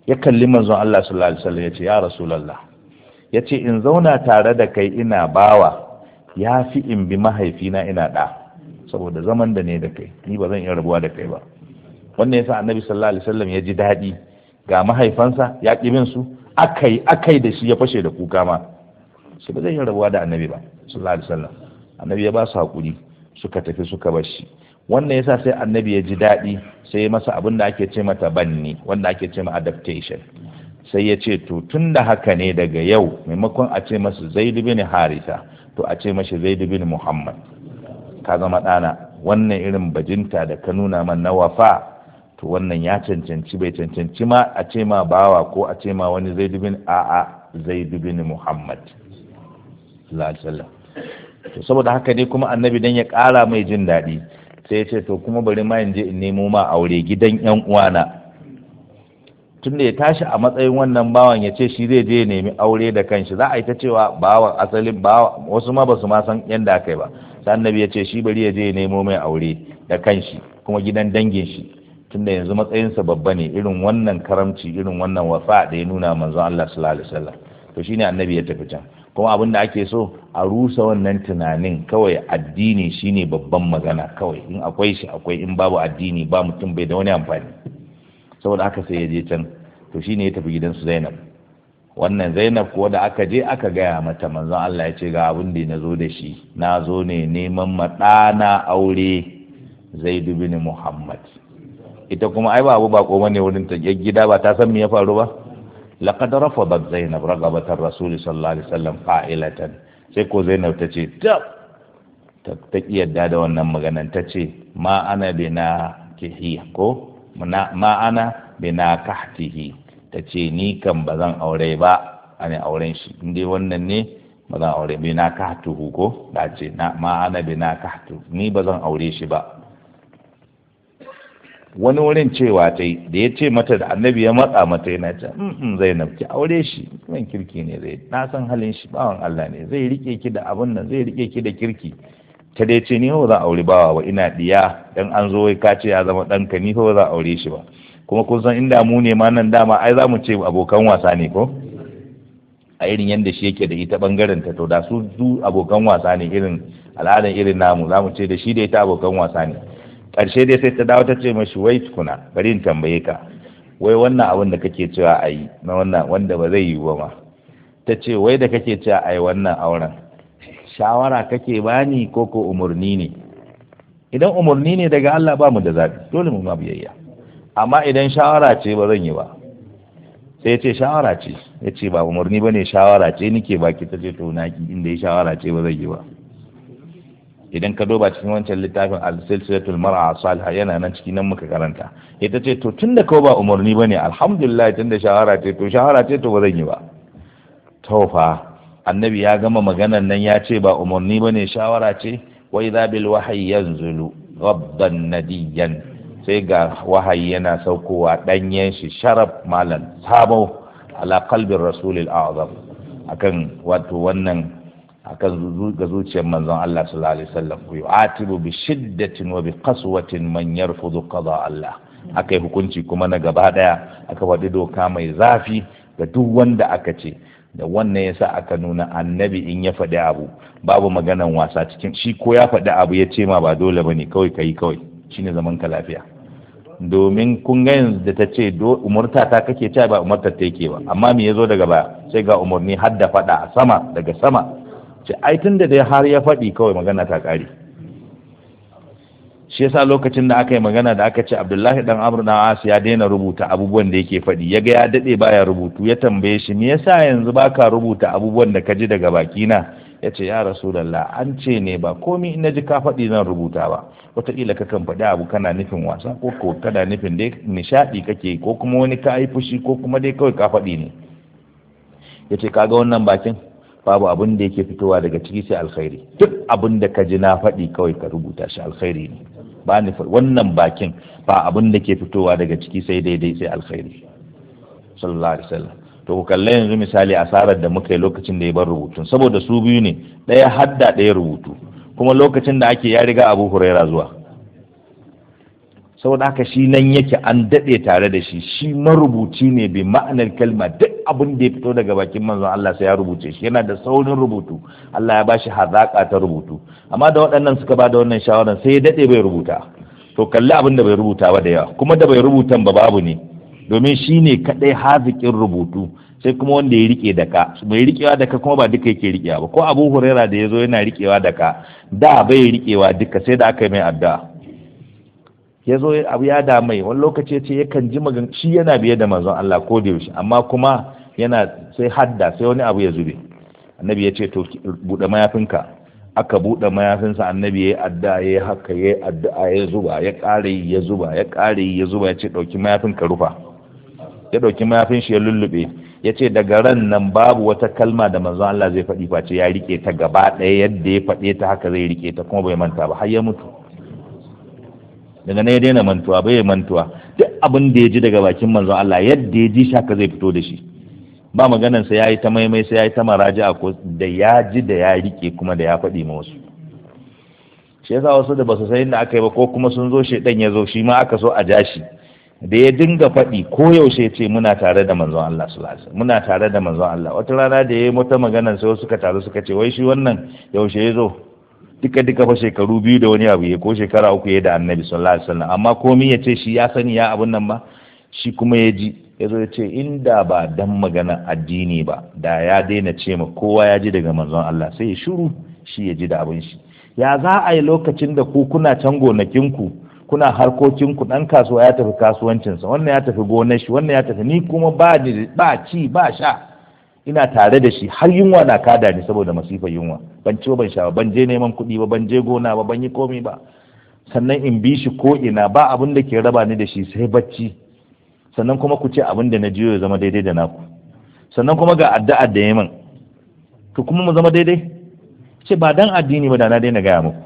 ya kalli manzon Allah sallallahu alaihi wasallam ya ce ya rasulullah ya ce in zauna tare da kai ina bawa ya fi in bi mahaifina ina da saboda zaman da ne da kai ni ba zan iya rabuwa da kai ba wannan yasa annabi sallallahu alaihi wasallam ya ji daɗi ga mahaifansa ya ƙi min su akai akai da shi ya fashe da kuka ma shi ba zai iya rabuwa da annabi ba sallallahu alaihi wasallam annabi ya ba su hakuri suka tafi suka bar shi wannan yasa sai annabi ya ji daɗi sai masa abin da ake ce mata banni wanda ake ce ma adaptation sai ya ce to tun da haka ne daga yau maimakon a ce masa Zaidu bin harita to a ce mashi Zaidu bin muhammad ka zama ɗana wannan irin bajinta da ka nuna man na wafa to wannan ya cancanci bai cancanci ma a ce ma bawa ko a ce ma wani Zaidu bin a'a Zaidu bin muhammad to saboda haka ne kuma annabi dan ya ƙara mai jin daɗi sai ya ce to kuma bari ma in je in nemo ma aure gidan yan uwana tun da ya tashi a matsayin wannan bawan ya ce shi zai je ya nemi aure da kanshi za a yi ta cewa bawan asalin bawa wasu ma ba su ma san yanda aka ba sai annabi ya ce shi bari ya je ya nemo mai aure da kanshi kuma gidan dangin shi tun da yanzu matsayinsa babba ne irin wannan karamci irin wannan wafa da ya nuna manzon Allah sallallahu alaihi wasallam to shine annabi ya tafi can kuma abin da ake so a rusa wannan tunanin kawai addini shine babban magana kawai in akwai shi akwai in babu addini ba mutum bai da wani amfani saboda aka sai ya je can to shine ya tafi gidan su Zainab wannan Zainab kuwa da aka je aka gaya mata manzon Allah ya ce ga abin da na zo da shi na zo ne neman maɗana aure Zaid bin Muhammad ita kuma ai babu abu ba ko bane wurin ta gida ba ta san me ya faru ba laqad rafadat zainab ragabatar rasul sallallahu alaihi wasallam qa'ilatan sai ko zainab ta ce ta ta yadda da wannan maganan ta ce ma ana bina kihi ko ma ana bina kahtihi ta ce ni kan ba zan aure ba ana auren shi indai wannan ne ba zan aure bina kahtuhu ko da ce na ma ana bina kahtu ni ba zan aure shi ba wani wurin cewa ta yi da ya ce mata da annabi ya matsa mata yana ce zainab ki aure shi man kirki ne zai na san halin shi bawan Allah ne zai rike ki da abin nan zai rike ki da kirki ta dai ce ni ho za aure bawa ba ina diya dan an zo wai ka ce ya zama ka ni ho za aure shi ba kuma kun san inda mu ne ma nan dama ai za mu ce abokan wasa ne ko a irin yadda shi yake da ita bangaren ta to da su du abokan wasa ne irin al'adan irin namu za mu ce da shi da ita abokan wasa ne ƙarshe dai sai ta dawo ta ce mashi wai tukuna bari in tambaye ka wai wannan abin da kake cewa a yi na wannan wanda ba zai yi ba ma ta ce wai da kake cewa a yi wannan auren shawara kake bani ko ko umarni ne idan umarni ne daga Allah ba mu da zaɓi dole mu ma biyayya amma idan shawara ce ba zan yi ba sai ce shawara ce ya ce ba umarni ba ne shawara ce nike baki ta ce to naki inda ya shawara ce ba zan yi ba idan ka duba cikin wancan littafin al-silsilatul mar'a salha yana nan ciki nan muka karanta ita ce to tunda kawai ba umarni bane alhamdulillah tunda shawara ce to shawara ce to ba zan yi ba to fa annabi ya gama maganar nan ya ce ba umarni bane shawara ce wai idza bil wahyi yanzulu ghabban nadiyan sai ga wahayi yana saukowa danyen shi sharaf malam sabo ala qalbir rasulil a'zam akan wato wannan akan ga zuciyar manzon Allah sallallahu alaihi wasallam yu'atibu bi shiddatin wa bi qaswatin man yarfudu qada Allah akai hukunci kuma na gaba daya aka wadi doka mai zafi ga duk wanda aka ce da wannan yasa aka nuna annabi in ya faɗi abu babu maganan wasa cikin shi ko ya faɗi abu ya ce ma ba dole bane kawai kai kawai shine zaman ka lafiya domin kun ga yanzu da ta ce umurta ta kake cewa ba umurta ta yake ba amma me yazo daga baya sai ga umurni har da faɗa a sama daga sama ce ai tun da dai har ya faɗi kawai magana ta ƙari shi yasa lokacin da aka yi magana da aka ce abdullahi dan amur na asu ya daina rubuta abubuwan da yake faɗi ya ga ya daɗe baya rubutu ya tambaye shi me yasa yanzu baka rubuta abubuwan da ka ji daga bakina ya ce ya rasulallah an ce ne ba komi in ji ka faɗi zan rubuta ba wataƙila ka kan faɗi abu kana nufin wasa ko ko kana nufin dai nishaɗi kake ko kuma wani ka yi fushi ko kuma dai kawai ka faɗi ne ya ce ga wannan bakin babu abin da yake fitowa daga ciki sai alkhairi duk abin da ka ji na faɗi kawai ka rubuta shi alkhairi ne ba ni wannan bakin ba abin da ke fitowa daga ciki sai daidai sai alkhairi sallallahu alaihi wasallam to ku kalle yanzu misali asarar da muka yi lokacin da ya bar rubutun saboda su biyu ne ɗaya hadda ɗaya rubutu kuma lokacin da ake ya riga abu huraira zuwa saboda haka shi nan yake an daɗe tare da shi shi marubuci ne bi ma'anar kalma duk abin da ya fito daga bakin manzon Allah sai ya rubuce shi yana da saurin rubutu Allah ya bashi hazaka ta rubutu amma da waɗannan suka ba da wannan shawaran sai ya daɗe bai rubuta to kalli abin da bai rubuta ba da yawa kuma da bai rubutan ba babu ne domin shi ne kaɗai haziƙin rubutu sai kuma wanda ya riƙe da ka mai riƙewa da ka kuma ba duka yake riƙewa ba ko abu huraira da ya zo yana riƙewa da ka da bai riƙewa duka sai da aka yi mai addu'a ya zo abu ya damai wani lokaci ce yakan ji magan shi yana biye da manzon Allah ko da yaushe amma kuma yana sai hadda sai wani abu ya zube annabi ya ce to bude mayafinka aka bude mayafinsa annabi ya adda ya haka ya addu'a ya zuba ya kare ya zuba ya kare ya zuba ya ce dauki mayafinka rufa ya dauki mayafin shi ya lullube ya ce daga ran nan babu wata kalma da manzon Allah zai faɗi face ya rike ta gaba ɗaya yadda ya faɗe ta haka zai rike ta kuma bai manta ba har ya mutu daga nan ya daina mantuwa bai ya mantuwa duk abin da ya ji daga bakin manzon Allah yadda ya ji shaka zai fito da shi ba maganarsa sa yayi ta maimai sai yayi ta maraji'a ko da ya ji da ya rike kuma da ya faɗi ma wasu shi yasa wasu da basu san da aka yi ba ko kuma sun zo shi dan ya zo shi ma aka so a ja shi da ya dinga faɗi ko yaushe ce muna tare da manzon Allah sallallahu alaihi muna tare da manzon Allah wata rana da yayi mata maganar sai suka taru suka ce wai shi wannan yaushe ya zo duka duka fa shekaru biyu da wani abu ya ko shekara uku ya da annabi sallallahu alaihi wasallam amma komai ya ce shi ya sani ya abun nan ba shi kuma ya ji ya zo ya ce inda ba dan magana addini ba da ya daina ce ma kowa ya ji daga manzon Allah sai ya shiru shi ya ji da abun shi ya za a yi lokacin da ku kuna can ku kuna harkokinku dan kasuwa ya tafi kasuwancinsa wannan ya tafi gonar shi wannan ya tafi ni kuma ba ba ci ba sha ina tare da shi har yunwa na kada ni saboda masifa yunwa ban ci ban sha ban je neman kuɗi ba ban je gona ba ban yi komai ba sannan in bi shi ko ina ba abin da ke raba ni da shi sai bacci sannan kuma ku ce abin da na jiyo ya zama daidai da naku sannan kuma ga addu'a da yamin to kuma mu zama daidai ce ba dan addini ba da na daina gaya muku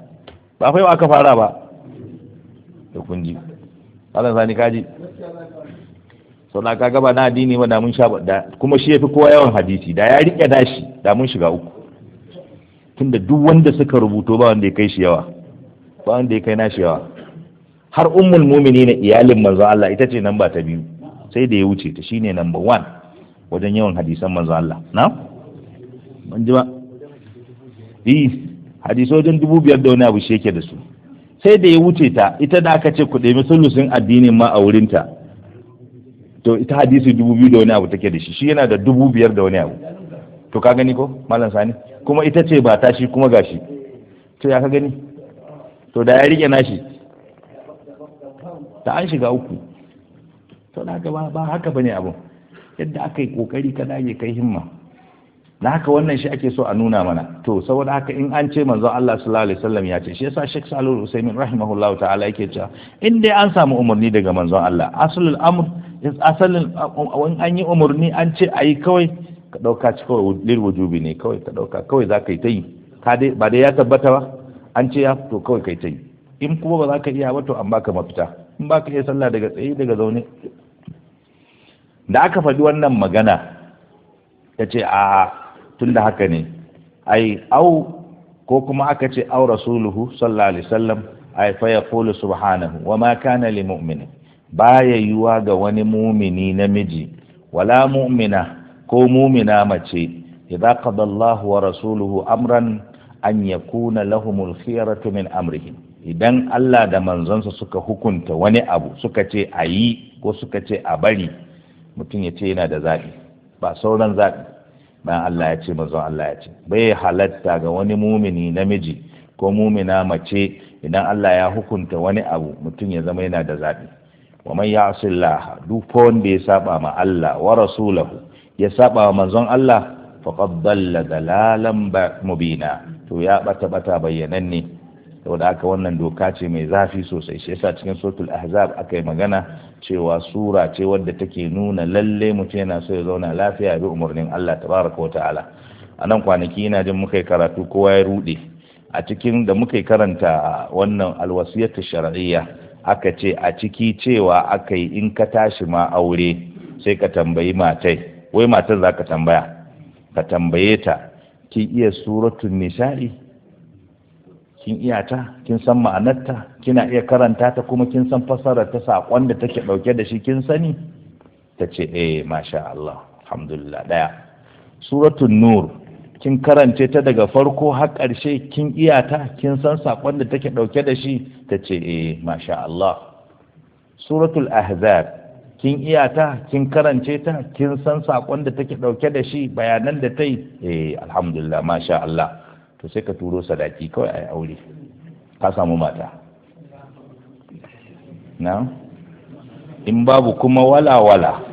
ba fa yau aka fara ba da kun ji Allah sani kaji na ka gaba na addini ba da mun sha da kuma shi yafi kowa yawan hadisi da ya rike dashi da mun shiga uku tunda duk wanda suka rubuto ba wanda ya kai shi yawa ba wanda ya kai nashi yawa har ummul na iyalin manzo Allah ita ce namba ta biyu sai da ya wuce ta shine namba 1 wajen yawan hadisan manzo Allah na mun ji ba eh hadisojin dubu biyar da wani abu shi yake da su sai da ya wuce ta ita da aka ce ku ɗemi sulusin addinin ma a wurinta to ita hadisi dubu biyu da wani abu take da shi shi yana da dubu biyar da wani abu to ka gani ko malam sani kuma ita ce ba ta shi kuma gashi to ya ka gani to da ya rike nashi ta an shiga uku to na gaba ba haka bane abun yadda aka yi kokari ka dage kai himma Na haka wannan shi ake so a nuna mana to saboda haka in an ce manzon Allah sallallahu alaihi wasallam ya ce shi yasa Sheikh Salih Usaimin rahimahullahu ta'ala yake cewa in dai an samu umarni daga manzon Allah aslul amr asalin wani an yi umarni an ce a yi kawai ka ɗauka ci kawai lil wujubi ne kawai ka ɗauka kawai za ka yi ta yi ba dai ya tabbata ba an ce ya to kawai ka yi ta yi in kuma ba za ka iya ba to an baka mafita in ba ka iya sallah daga tsaye daga zaune da aka faɗi wannan magana ta ce a tun da haka ne ai au ko kuma aka ce au rasuluhu sallallahu alaihi wasallam ai fa yaqulu subhanahu wa ma kana lil mu'minin baya yiwuwa ga wani mumini namiji wala mu'mina ko mumina mace idza qada Allah wa rasuluhu amran an yakuna lahumul khiyaratu min amrihim idan Allah da manzonsa suka hukunta wani abu suka ce a yi ko suka ce a bari mutum ya ce yana da zaɓi ba sauran zaɓi bayan Allah ya ce manzon Allah ya ce bai halatta ga wani mumini namiji ko mumina mace idan Allah ya hukunta wani abu mutum ya zama yana da zaɓi wa man ya'si Allah duk wanda ya saba ma Allah wa rasulahu ya saba ma manzon Allah faqad dalla dalalan mubina to ya bata bata bayyananne saboda aka wannan doka ce mai zafi sosai shi yasa cikin suratul ahzab akai magana cewa sura ce wadda take nuna lalle mutum yana so ya zauna lafiya bi umarnin Allah tabaraka wa ta'ala a nan kwanaki ina jin muka karatu kowa ya rude a cikin da muka karanta wannan alwasiyatu shar'iyya aka ce a ciki cewa aka yi in ka tashi ma aure sai ka tambayi matai wai matar za ka tambaya ka tambaye ta kin iya suratun nishari kin iya ta kin san ma'anarta kina iya karanta ta kuma kin san fasarar ta saƙon da take ɗauke da shi kin sani ta ce eh masha Allah alhamdulillah ɗaya suratun nur kin karance ta daga farko har ƙarshe kin iyata kin san saƙon da take ɗauke da shi ta ce eh masha Allah suratul ahzab kin iyata kin karance ta kin san saƙon da take ɗauke da shi bayanan da ta yi eh alhamdulillah masha Allah to sai ka turo sadaki kawai a aure ka samu mata na in babu kuma wala wala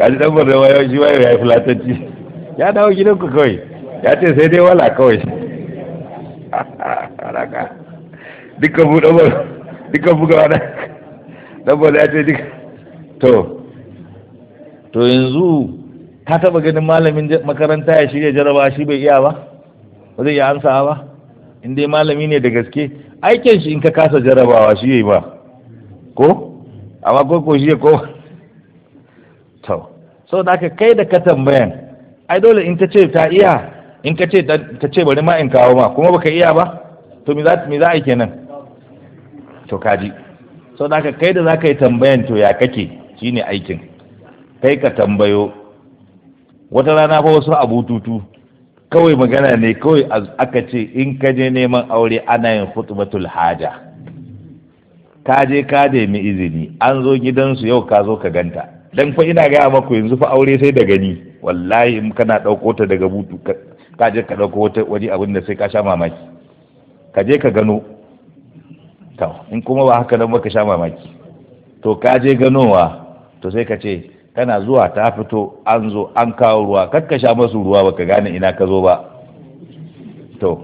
kaji dan bar ma yau shi wai ya yi fulatanci ya dawo gidan ku kawai ya ce sai dai wala kawai haraka dukkan buɗe ba dukkan buga wani dan bar ya ce duka to to yanzu ka taba ganin malamin makaranta ya shirya jaraba shi bai iya ba ba zai iya amsa ba in dai malami ne da gaske aikin shi in ka kasa jarabawa shi yayi ba ko amma ko ko shi ko sau da aka kai da ka tambayan ai dole in ta ce ta iya in ka ce ta ce bari ma in kawo ma kuma baka iya ba to me za za ai kenan to kaji sau da aka kai da za ka yi tambayan to ya kake shine aikin kai ka tambayo wata rana ba wasu abututu kawai magana ne kawai aka ce in ka je neman aure ana yin khutbatul haja ka je ka nemi izini an zo gidansu yau ka zo ka ganta dan fa ina gaya maku yanzu fa aure sai da gani wallahi in kana ɗauko ta daga butu ka je ka ɗauko wata waje abin da sai ka sha mamaki ka je ka gano to in kuma ba haka nan ba ka sha mamaki to ka je ganowa to sai ka ce kana zuwa ta fito an zo an kawo ruwa kar ka sha masu ruwa baka gane ina ka zo ba to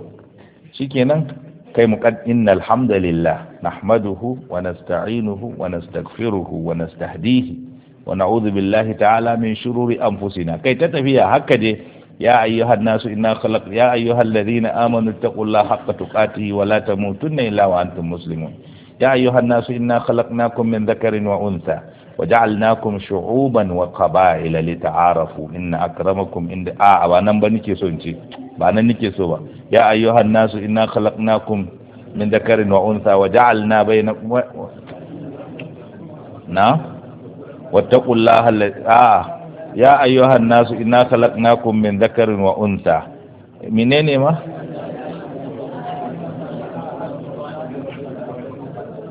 shikenan kai mu kan innal hamdalillah nahmaduhu wa nasta'inuhu wa nastaghfiruhu wa nastahdihi Wani na'udhu ta'ala min shururi anfusina kai ta tafiya haka je ya ayyuhan nasu inna khalaq ya ayyuhal ladhina amanu taqullaha haqqa tuqatihi wa la tamutunna illa wa antum muslimun ya ayyuhan nasu inna khalaqnakum min dhakarin wa untha waja'alnakum shu'uban wa qaba'ila lita'arafu inna akramakum inda a ba nan ba nake so in ce ba nan nake so ba ya ayyuhan nasu inna khalaqnakum min dhakarin wa untha waja'alna bainakum na wattaqullaha ah ya ayyuhan nasu inna khalaqnakum min dhakarin wa unsa minene ma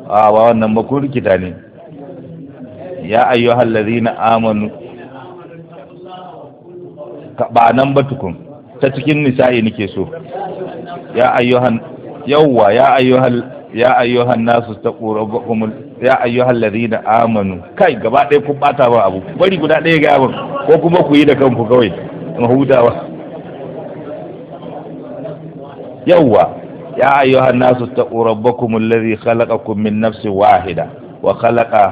a ah, ba wannan rikita ne ya ayyuhal Ladina amanu ba nan ba tukun ta cikin nisa'i nake so ya ayyuhan yawwa ya ayyuhal ya ayyuhan nasu taqu rabbakum ya ayyuhal ladina amanu kai gaba ɗaya kun bata ba abu bari guda ɗaya ga abin ko kuma ku yi da kanku kawai mahudawa yawwa ya ayyuhan nasu taqu rabbakum alladhi khalaqakum min nafsin wahida wa khalaqa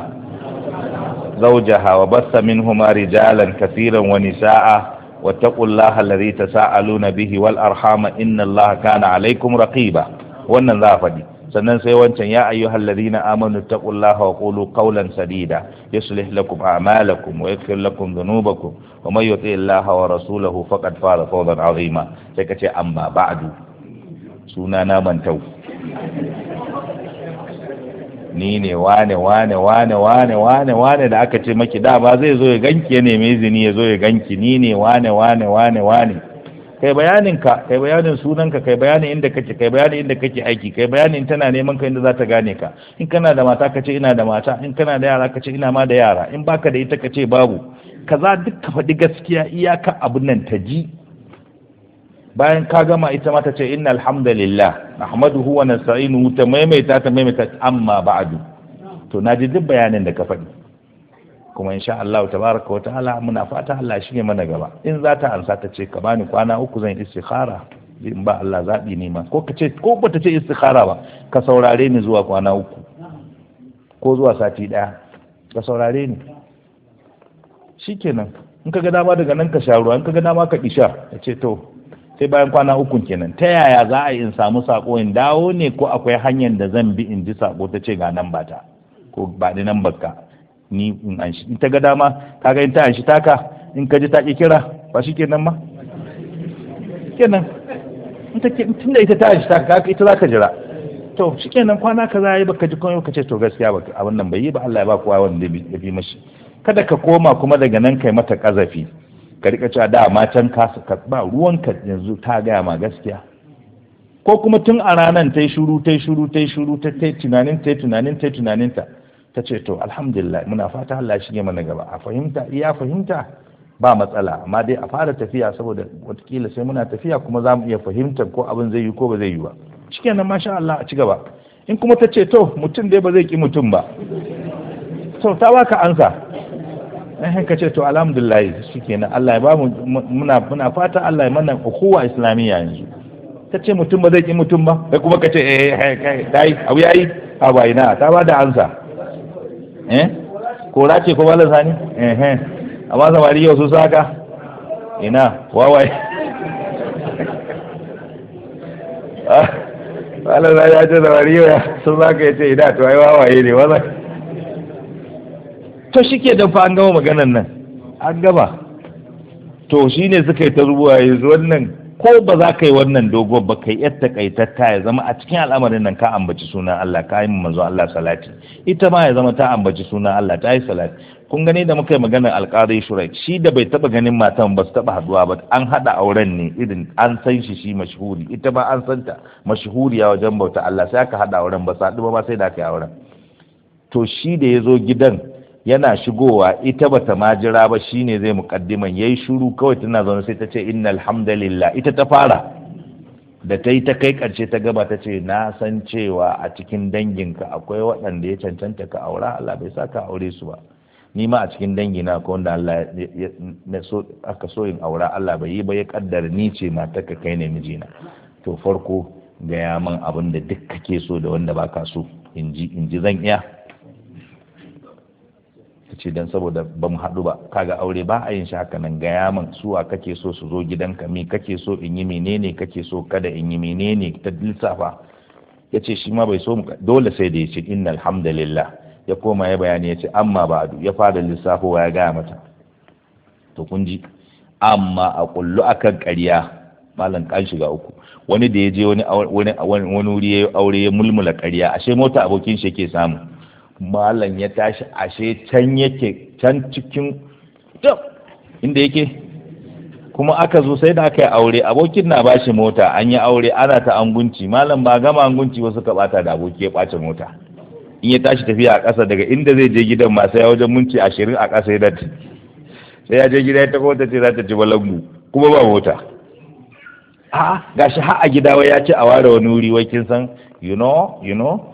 zawjaha wa bassa minhuma rijalan katiran wa nisaa'a واتقوا الله الذي تساءلون به والأرحام إن الله كان عليكم رقيبا wannan za a faɗi sannan sai wancan ya ayyuhal na amanu taqullaha wa qulu qawlan sadida yuslih lakum a'malakum wa yaghfir lakum dhunubakum wa may yuti' illaha wa rasulahu faqad faza fawzan 'azima sai kace amma ba'du suna na mantau ni ne wane wane wane wane wane wane da aka ce maki da ba zai zo ya ganki ya neme izini ya zo ya ganki ni ne wane wane wane wane kai bayanin ka kai bayanin sunanka kai bayanin inda kake kai bayanin inda kake aiki kai bayanin tana neman ka inda za ta gane ka in kana da mata kace ina da mata in kana da yara kace ina ma da yara in baka da ita kace babu kaza duk ka faɗi gaskiya iyaka abun nan ta ji bayan ka gama ita ma ta ce inna alhamdulillah nahmaduhu wa nasta'inu ta maimaita ta maimaita amma ba'du to naji duk bayanin da ka faɗi kuma insha Allah tabaraka wa ta'ala muna fata Allah shi ne mana gaba in za ta ansa ta ce ka bani kwana uku zan istikhara in ba Allah zaɓi ne ma ko ka ce ko ba ta ce istikhara ba ka saurare ni zuwa kwana uku ko zuwa sati ɗaya ka saurare ni shikenan in ka ga dama daga nan ka sha ruwa in ka ga dama ka isha ya ce to sai bayan kwana ukun kenan ta yaya za a in samu sako in dawo ne ko akwai hanyar da zan bi in ji sako ta ce ga nan ba ta ko ba ni nan baka ni in an shi in ta ga dama ga in ta an shi taka in ka ji ta ki kira ba shi kenan ma kenan in ta ke tunda ita ta an shi taka ka ita za ka jira to shi kenan kwana kaza yi baka ji kuma ka ce to gaskiya ba abin nan bai yi ba Allah ya ba kowa wanda ya bi mashi kada ka koma kuma daga nan kai mata kazafi ka rika cewa da matan ka ba ruwanka yanzu ta gaya ma gaskiya ko kuma tun a ranar ta yi shuru ta yi shuru ta yi shuru ta yi tunanin ta yi tunanin ta yi tunanin ta ta ce to alhamdulillah muna fata Allah shige mana gaba a fahimta iya fahimta ba matsala amma dai a fara tafiya saboda watakila sai muna tafiya kuma za mu iya fahimtar ko abin zai yi ko ba zai yi ba nan masha Allah a ci gaba in kuma ta ce to mutum dai ba zai ki mutum ba to ta baka ansa in eh, ka ce to alhamdulillah shikenan Allah ya ba mu muna muna fata Allah ya mana ukuwa islamiyya yanzu ta ce mutum ba zai ki mutum ba kai kuma ka ce eh, eh kai dai abu yayi a bayina ta ba da ansa eh kora ce ko malam sani eh eh amma samari yau su saka ina wawaye malam sani ya ce samari yau su saka ya ce ina to ai wawaye ne wazan to shi ke dafa an gama maganan nan an gama to ne suka yi ta zuwa yanzu wannan ko ba za ka yi wannan dogo ba kai yar ta ya zama a cikin al'amarin nan ka ambaci sunan Allah ka yi manzo Allah salati ita ma ya zama ta ambaci sunan Allah ta yi salati kun gani da muka yi maganar alƙari shurai shi da bai taba ganin matan ba su taba haduwa ba an hada auren ne irin an san shi shi mashhuri ita ma an san ta ya wajen bauta Allah sai aka hada auren ba sa ba sai da aka yi auren to shi da ya zo gidan yana shigowa ita bata ma jira ba shine zai Ya yayi shuru kawai tana zaune sai ta ce innal hamdalillah ita ta fara da ta yi ta kai karshe ta gaba ta ce na san cewa a cikin danginka akwai waɗanda ya cancanta ka aura Allah bai sa ka aure su ba ni ma a cikin dangina ko wanda Allah ya so aka so in aura Allah bai yi ba ya kaddara ni ce ka kai ne mijina to farko gaya min abin da duk kake so da wanda baka so in ji in ji zan iya ta ce don saboda ba mu haɗu ba kaga aure ba a yin shi haka nan gaya min suwa kake so su zo ka mi kake so in yi menene kake so kada in yi menene ta lissafa ya ce shi ma bai so mu dole sai da ya ce inna alhamdulillah ya koma ya bayani ya ce amma ba adu ya fara lissafowa ya gaya mata to kun ji amma a kullu akan ƙarya malam kan shiga uku wani da ya je wani wuri ya aure ya mulmula ƙarya ashe mota abokin shi yake samu malam ya tashi ashe can yake can cikin inda yake kuma aka zo sai da aka yi aure abokin na bashi mota an yi aure ana ta angunci malam ba gama angunci ba suka bata da aboki ya ɓace mota in ya tashi tafiya a ƙasa daga inda zai je gidan ma sai wajen minti ashirin a ƙasa ya dace sai ya je gida ya tako ta ce za ta ci balangu kuma ba mota a gashi har a gida wai ya ce a ware wani wuri wai kin san you know you know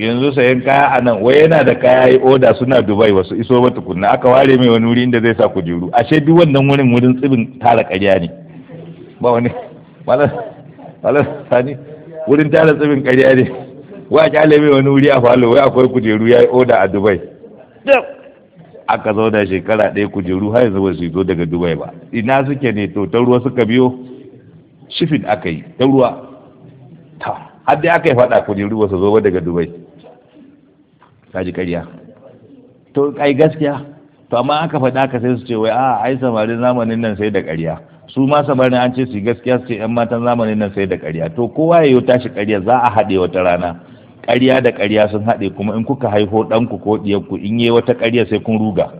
yanzu sayan kaya a nan wai yana da kaya yi oda suna dubai wasu iso ba tukunna aka ware mai wani wuri inda zai sa kujeru ashe duk wannan wurin wurin tsibin tara karya ne ba wani malar sani wurin tara tsibin karya ne wa kyale mai wani wuri a falo wai akwai kujeru ya yi oda a dubai aka zauna shekara ɗaya kujeru har yanzu ba su zo daga dubai ba ina suke ne to ta ruwa suka biyo shifin aka yi ta ruwa ta har dai aka yi faɗa kujeru ba su zo ba daga dubai kaji ƙarya to ai gaskiya to amma aka faɗa ka sai su ce wai a ai samarin zamanin nan sai da ƙarya su ma samarin an ce su gaskiya su ce yan matan zamanin nan sai da ƙarya to kowa ya yi tashi ƙarya za a haɗe wata rana ƙarya da ƙarya sun haɗe kuma in kuka haiho ɗanku ko ɗiyarku in yi wata ƙarya sai kun ruga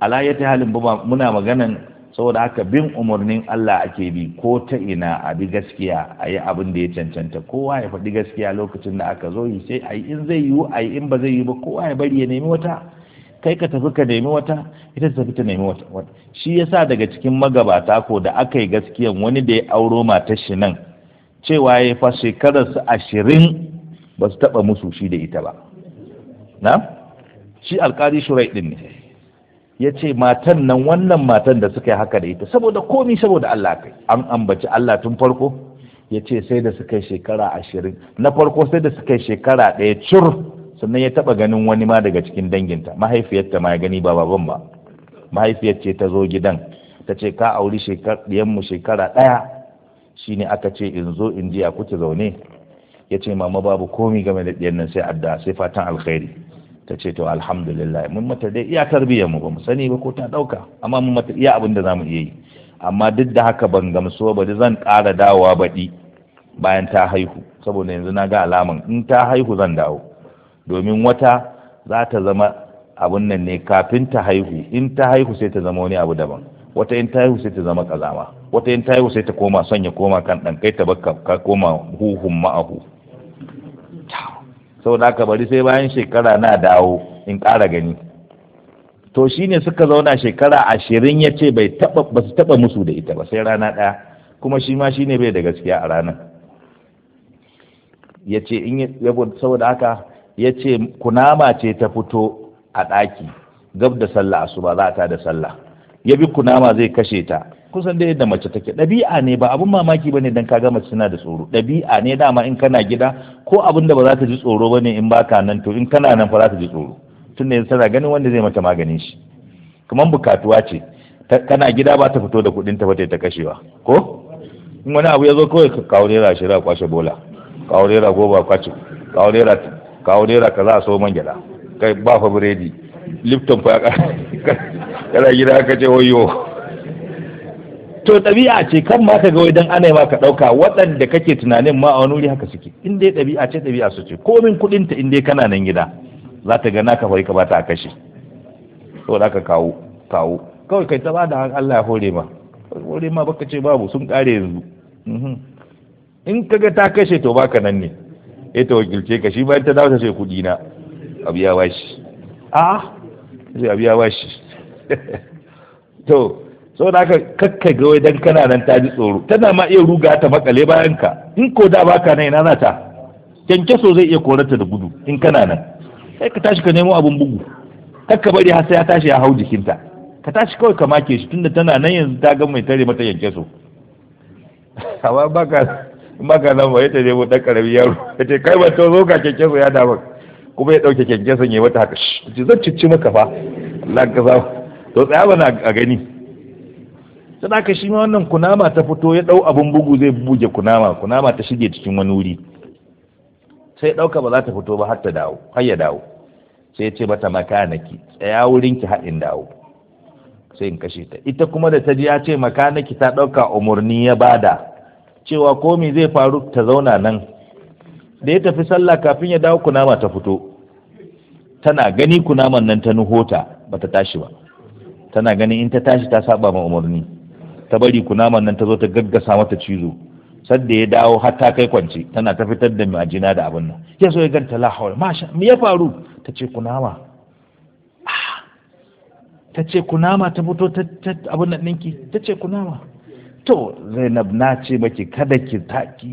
ala ya halin muna maganan saboda haka bin umarnin Allah ake bi ko ta ina a bi gaskiya a yi abin da ya cancanta kowa ya faɗi gaskiya lokacin da aka zo yi sai a yi in zai yiwu a in ba zai yiwu ba kowa ya bari ya nemi wata kai ka tafi ka nemi wata ita ta tafi ta nemi wata shi yasa daga cikin magabata ko da aka yi gaskiyan wani da ya auro mata shi nan cewa ya fa shekarar su ashirin ba su taɓa musu shi da ita ba na shi alkali shurai ɗin ne ya ce matan nan wannan matan da suka yi haka da ita saboda komi saboda Allah kai an ambaci Allah tun farko ya ce sai da suka yi shekara ashirin na farko sai da suka yi shekara ɗaya cur sannan ya taɓa ganin wani ma daga cikin danginta mahaifiyarta ma ya gani ba baban ba mahaifiyar ce ta zo gidan ta ce ka auri mu shekara ɗaya shine aka ce in zo in ji a kuke zaune ya ce mama babu komi game da ɗiyan nan sai addu'a sai fatan alkhairi ta ce to alhamdulillah mun mata dai iya tarbiyyar mu ba mu sani ba ko ta dauka amma mun mata iya abin da zamu iya yi amma duk da haka ban gamsuwa ba zan ƙara dawowa baɗi bayan ta haihu saboda yanzu na ga alaman in ta haihu zan dawo domin wata za ta zama abun nan ne kafin ta haihu in ta haihu sai ta zama wani abu daban wata in ta haihu sai ta zama kazama wata in ta haihu sai ta koma son ya koma kan ɗan kai ta ka koma huhun ma'ahu saboda haka bari sai bayan shekara na dawo in kara gani to shine suka zauna shekara ashirin ya ce bai taba ba su taba musu da ita ba sai rana ɗaya kuma shi ma shine bai da gaskiya a ranar ya ce in saboda haka ya ce kunama ce ta fito a ɗaki gab da sallah asuba za ta da sallah ya bi kunama zai kashe ta kusan da yadda mace take ɗabi'a ne ba abun mamaki ba ne don kaga mace tana da tsoro ɗabi'a ne dama in kana gida ko abin da ba za ta ji tsoro ba ne in ba ka nan to in kana nan fa za ta ji tsoro tunda yanzu tana ganin wanda zai mata maganin shi kamar bukatuwa ce kana gida ba ta fito da kuɗin ta ta kashewa ko in wani abu ya zo kawai ka kawo naira ashirin a kwashe bola kawo naira goba kwace kawo naira kawo rera ka za a so man kai ba fa biredi lipton fa ya kana gida ka ce wayo to ɗabi'a ce kan ma ka ga idan ana yi maka ɗauka waɗanda kake tunanin ma a wani wuri haka suke in dai ɗabi'a ce ɗabi'a su ce komin kuɗin ta in dai kana nan gida za ta ga naka fari ka bata a kashe da ka kawo kawo kawai kai ta ba da Allah ya hore ma hore ma baka ce babu sun kare yanzu mhm. in ka ga ta kashe to baka nan ne eh ta wakilce ka shi bayan ta dawo ta ce kuɗi na abu ya bashi a sai abu ya bashi to saboda haka kakka ga wai dan kana nan ta ji tsoro tana ma iya ruga ta makale bayan ka in ko da baka nan ina na ta kyankyaso zai iya korata da gudu in kana nan sai ka tashi ka nemo abun bugu kakka bari har sai ya tashi ya hau jikinta ka tashi kawai ka make shi tunda tana nan yanzu ta ga mai tare mata kyankyaso amma baka baka nan ba ita ne mu dan karami yaro ita kai ba to zo ka kyankyaso ya damu kuma ya dauke kyankyasan ya mata haka zan cicci maka fa Allah ka sa to tsaya bana a gani sai aka shi ma wannan kunama ta fito ya dau abun bugu zai buge kunama kunama ta shige cikin wani wuri sai dauka ba za ta fito ba har ta dawo har ya dawo sai ya ce mata makanaki tsaya wurin ki haɗin dawo sai in kashe ta ita kuma da ta ji ya ce makanaki ta dauka umurni ya bada cewa komi zai faru ta zauna nan da ya tafi sallah kafin ya dawo kunama ta fito tana gani kunaman nan ta nuhota bata tashi ba tana ganin in ta tashi ta saba ma umarni ta bari kunaman nan ta zo ta gaggasa mata cizo sadda ya dawo har ta kai kwance tana ta fitar da majina da abin nan ya zo ya ganta lahawar masha me ya faru ta ce kunama ah, ta ce kunama ta fito ta abin nan ɗinki ta ce kunama to zainab na ce maki kada ki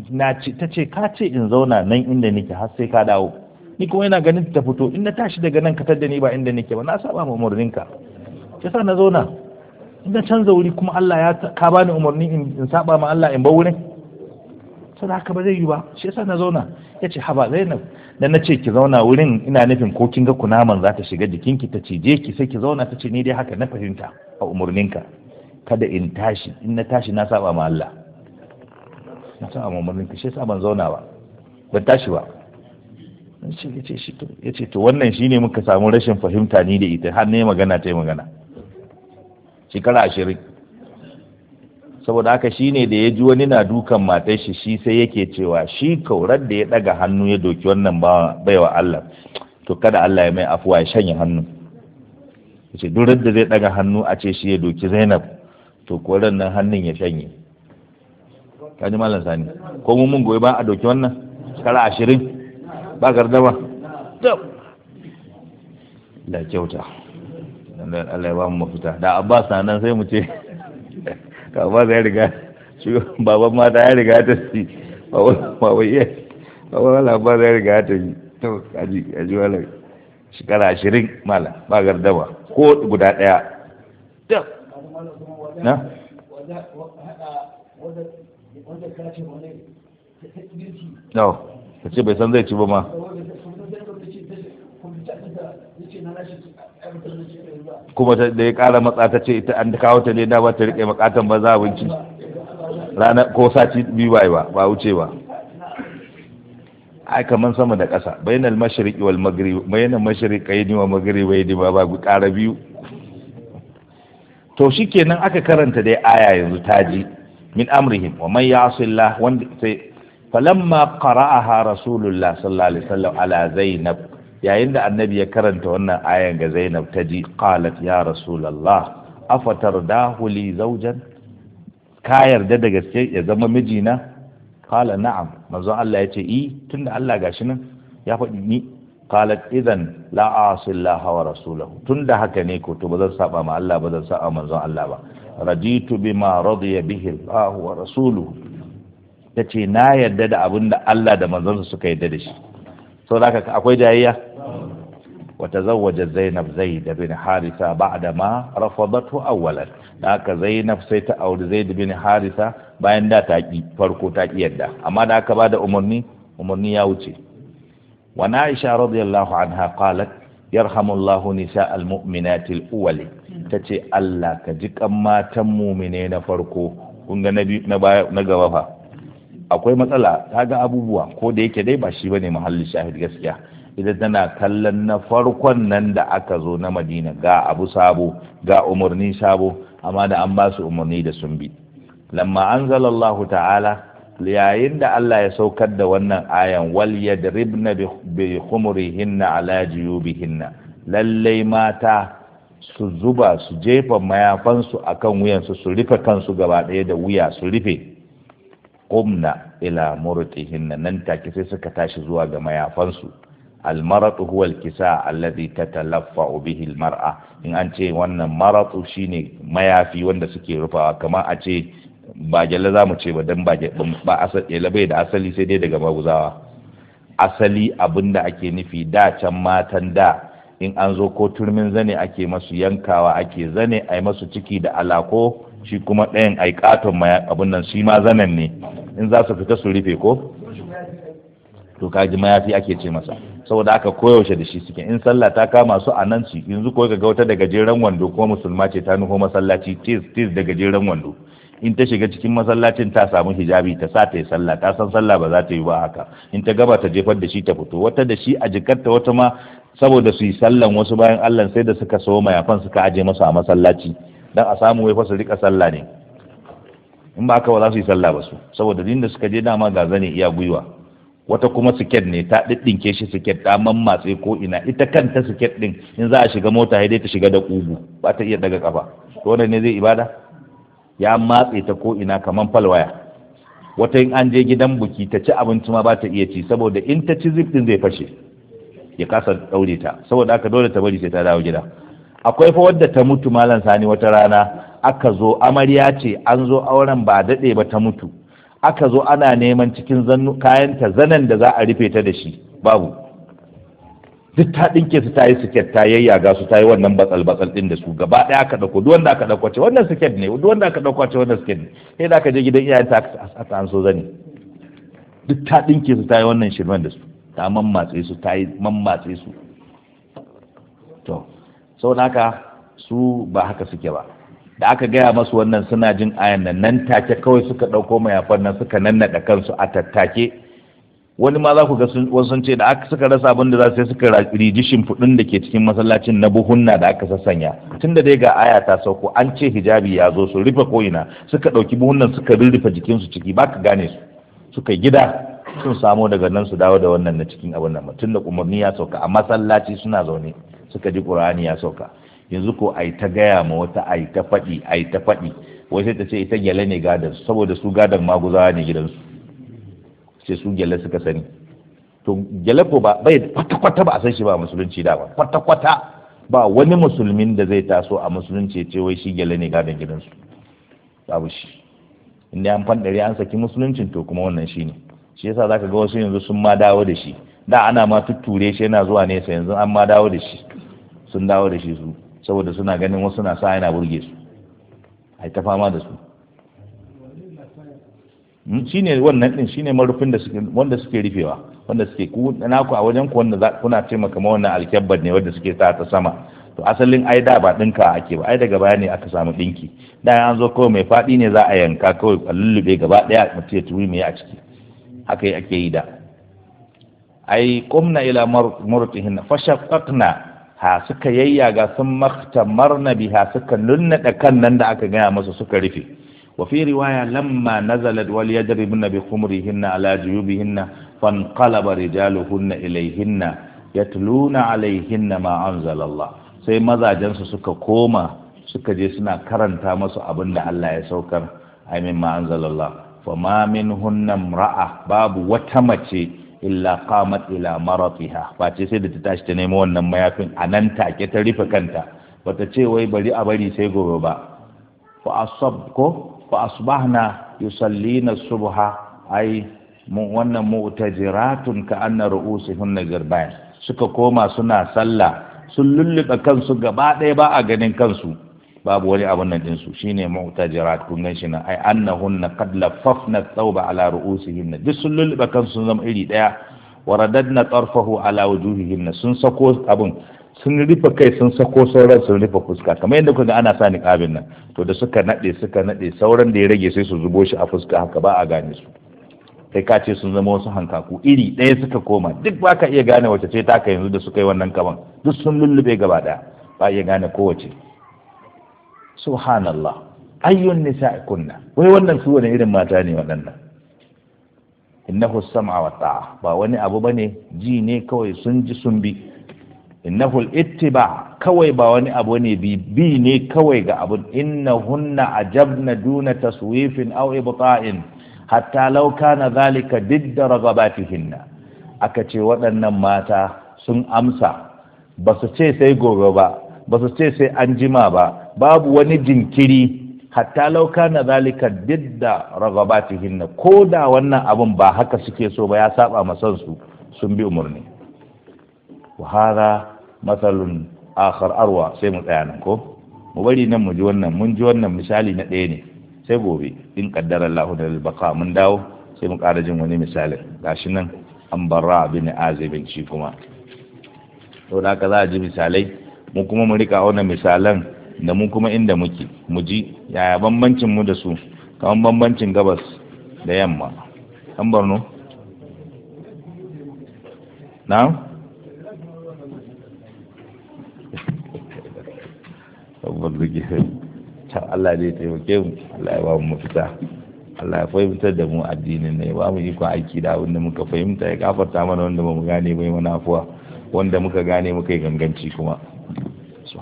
na ce ta ce ka ce in zauna nan inda nake har sai ka dawo ni kuma ina ganin ta fito in na tashi daga nan ka da ni ba inda nake ba na saba ma murninka sa na zauna na canza wuri kuma Allah ya ka bani umarni in saba ma Allah in ba wurin saboda haka ba zai yi ba shi yasa na zauna ya ce haba Zainab dan na ce ki zauna wurin ina nufin ko kin ga kunaman za ta shiga jikinki ta ce, je ki sai ki zauna ta ce ni dai haka na fahimta a umarninka kada in tashi in na tashi na saba ma Allah na saba ma umarninka shi yasa ban zauna ba ban tashi ba ya ce to wannan shine muka samu rashin fahimta ni da ita har ne magana ta yi magana shekara ashirin saboda haka shi ne da ya ji wani na dukan matar shi shi sai yake cewa shi kaurar da ya daga hannu ya doki wannan baiwa Allah to kada Allah ya mai afuwa ya shanye hannu ce durar da zai daga hannu a ce shi ya doki Zainab to koran nan hannun ya shanye ji malam sani ko mun mun goyi ba a doki wannan shekara ashirin ba gardama da kyauta Allah ya ba mu mafita da Abbas na nan sai mu ce ka ba ya riga shi baban mata ya riga ta shi ba ba ya ba wai ba ya riga ta shi to aji aji wala shekara 20 mala ba ko guda ɗaya na wanda ka ce bai san zai ci ba ma. kuma da ya kara matsa ta ce ita an kawo ta ne dama ta rike makatan ba za abinci rana ko sati biyu ba ba ba wuce ba ai kaman sama da ƙasa bainal mashriqi wal maghrib bainal mashriqaini wa maghribaini ba ba kara biyu to shikenan aka karanta dai aya yanzu taji min amrihim wa man ya'sillah wanda sai falamma qara'aha rasulullah sallallahu alaihi wasallam ala zainab yayin da annabi ya karanta wannan ayan ga Zainab ta ji qalat ya rasulullah afatar dahuli zaujan ka yarda da gaske ya zama mijina qala na'am manzon Allah ya ce i tunda Allah gashi nan ya faɗi ni qalat idan la asillaha wa rasulahu tunda haka ne ko to ba zan saba ma Allah ba zan saba manzon Allah ba raditu bima radiya bihi Allah wa rasuluhu tace na yarda da abinda Allah da manzon suka yarda da shi saboda haka akwai jayayya وتزوج زينب زيد بن حارثة بعدما رفضته أولا ذاك زينب سيت أو زيد بن حارثة باين دا تاكي فرقو تاكي يدا أما ذاك بعد أمرني أمرني يوتي ونعيشة رضي الله عنها قالت يرحم الله نساء المؤمنات الأول تتي الله كجك أما تمو منين فرقو kunga na gaba fa akwai matsala ta ga abubuwa ko da yake dai ba shi bane muhallin shahid gaskiya ita tana kallon na farkon nan da aka zo na madina ga abu sabo ga umarni sabo amma da an ba su umarni da sun bi lamma an zalallahu ta'ala yayin da Allah ya saukar da wannan ayan wal yadribna bi khumurihinna ala jiyubihinna lallai mata su zuba su jefa mayafansu akan wuyansu su rufe kansu gaba ɗaya da wuya su rufe qumna ila murtihinna nan take sai suka tashi zuwa ga mayafansu almaratu huwa alkisa alladhi tatalaffa bihi almar'a in an ce wannan maratu shine mayafi wanda suke rufawa kamar a ce ba gyalle za mu ce ba dan ba ba asali bai da asali sai dai daga maguzawa asali abinda ake nufi da can matan da in an zo ko turmin zane ake masu yankawa ake zane ai masu ciki da alako shi kuma ɗayan ai katon abin nan shi ma zanen ne in za su fita su rufe ko to kaji mayafi ake ce masa saboda aka koyaushe da shi suke in sallah ta kama su a nan yanzu ko ga wata da gajeren wando kuma musulma ce ta nufo masallaci tis tis da gajeren wando in ta shiga cikin masallacin ta samu hijabi ta sa ta yi sallah ta san sallah ba za ta yi ba haka in ta gaba ta jefar da shi ta fito wata da shi a jikarta wata ma saboda su yi sallan wasu bayan Allah sai da suka so mayafan suka aje masu a masallaci dan a samu wai fa su rika sallah ne in ba haka ba za su yi sallah ba su saboda din da suka je dama ga zane iya gwiwa wata kuma siket ne ta ɗiɗɗinke shi siket ta mammatse ko ina ita kanta siket ɗin in za a shiga mota ya dai ta shiga da ƙugu ba ta iya daga ƙafa to wannan ne zai ibada ya matse ta ko ina kaman falwaya wata in an je gidan buki ta ci abinci ma ba ta iya ci saboda in ta ci zip ɗin zai fashe ya kasa ɗaure ta saboda aka dole ta bari sai ta dawo gida akwai fa wadda ta mutu malam sani wata rana aka zo amarya ce an zo auren ba daɗe ba ta mutu aka zo ana neman cikin kayanta zanen da za a rufe ta da shi babu duk ta ɗinke su ta yi siket ta yayyaga su ta yi wannan batsal batsal ɗin da su gaba ɗaya aka ɗauko duk wanda aka ɗauko ce wannan siket ne duk wanda aka ɗauko ce wannan siket ne sai da aka je gidan iyayen ta aka an so zane duk ta ɗinke su ta yi wannan shirman da su ta mammatse su ta yi mammatse su to sau haka su ba haka suke ba da aka gaya masu wannan suna jin ayan nan nan take kawai suka ɗauko mayafan nan suka nannaɗa kansu a tattake wani ma za ku ga wasu sun ce da aka suka rasa abin da za su suka riji shimfiɗin da ke cikin masallacin na buhunna da aka sasanya. tun da dai ga aya ta sauko an ce hijabi ya zo su rufe ko'ina suka ɗauki buhunnan suka rurrufe jikinsu ciki ba gane su suka gida sun samo daga nan su dawo da wannan na cikin abin nan tun da umarni ya sauka a masallaci suna zaune suka ji ƙur'ani ya sauka yanzu ko ai ta gaya ma wata ai ta faɗi ai ta faɗi wai sai ta ce ita gyale ne gadar saboda su gadar maguzawa ne gidansu sai su gyale suka sani to gyale ko ba bai kwata-kwata ba a san shi ba musulunci da ba kwata-kwata ba wani musulmin da zai taso a musulunci ce wai shi gyale ne gadon gidansu babu shi inda an fandare an saki musuluncin to kuma wannan shi ne shi yasa zaka ga wasu yanzu sun ma dawo da shi da ana ma tutture shi yana zuwa nesa yanzu an ma dawo da shi sun dawo da shi su saboda suna ganin wasu na sa yana burge su ai ta fama da su hmm, shine wannan din shine marufin da suke wanda suke rufewa wanda suke ku naku a wajen ku wanda kuna ce maka ma wannan alkyabbar ne wanda suke ta ta sama to asalin ai da ba dinka ake ba ai daga baya ne aka samu dinki da an zo kawai mai fadi ne za a yanka kawai a lullube gaba daya mutum ya turi mai a ciki haka ake yi da ai qumna ila murtihin fashaqqna ha suka yayyaga sun maktamar na biha suka nunnaɗa kan nan da aka gaya masa suka rufe wa fi riwaya lamma nazalat wal yadribna bi khumrihinna ala juyubihinna fanqalaba rijaluhunna ilayhinna yatluna alaihinna ma anzala Allah sai mazajen su suka koma suka je suna karanta masu abin da Allah ya saukar amin ma anzala Allah fa ma minhunna ra'a babu wata mace illa qamat ila maratiha ce sai da ta tashi ta nemo wannan mayafin a nan take ta rufe kanta bata ce wai bari a bari sai gobe ba fa asab ko fa asbahna yusallina subha ai wannan mu'tajiratun ka anna ru'usuhun nagarbay suka koma suna sallah sun lulluɓe kansu gaba ɗaya ba a ganin kansu babu wani abun nan din dinsu shine mu'tajirat kun ganshi shi nan ai annahunna qad laffafna thawba ala ru'usihinna duk sun lulluba kansu sun zama iri daya waradadna tarfahu ala wujuhihinna sun sako abun sun rufe kai sun sako sauran sun rufe fuska kamar yadda kuka ana sani niqabin nan to da suka nade suka nade sauran da ya rage sai su zubo shi a fuska haka ba a gane su kai ka ce sun zama wasu hankaku iri ɗaya suka koma duk ba ka iya gane wace ce taka yanzu da suka yi wannan kaman duk sun lullube gaba ɗaya ba iya gane kowace subhanallah ayyun nisa kunna wai wannan su wani irin mata ne waɗannan innahu sam'a wa ta'a ba wani abu bane ji ne kawai sun ji sun bi innahu ittiba kawai ba wani abu ne bi bi ne kawai ga abun innahunna ajabna duna taswifin aw ibta'in hatta law kana zalika didda ragabatihinna aka ce waɗannan mata sun amsa ba su ce sai gobe ba ba su ce sai an jima ba babu wani jinkiri hatta lauka na zalika da didda na ko da wannan abun ba haka suke so ba ya saba son su sun bi umarni wa hada mathalun akhar arwa sai mu tsaya nan ko mu bari nan mu ji wannan mun ji wannan misali na ɗaya ne sai gobe in kaddara Allahu da albaka mun dawo sai mu ƙara jin wani misali gashi nan an barra bin azibin shi kuma to da ka za a ji misalai mu kuma mu rika auna misalan da mu kuma inda muke mu ji yaya bambancin mu da su kamar bambancin gabas da yamma an barno na can Allah zai taimake mu Allah ya ba mu mafita Allah ya fahimtar da mu addinin ne ba mu iko aiki da abin da muka fahimta ya kafarta mana wanda ba mu gane bai mana afuwa wanda muka gane muka yi ganganci kuma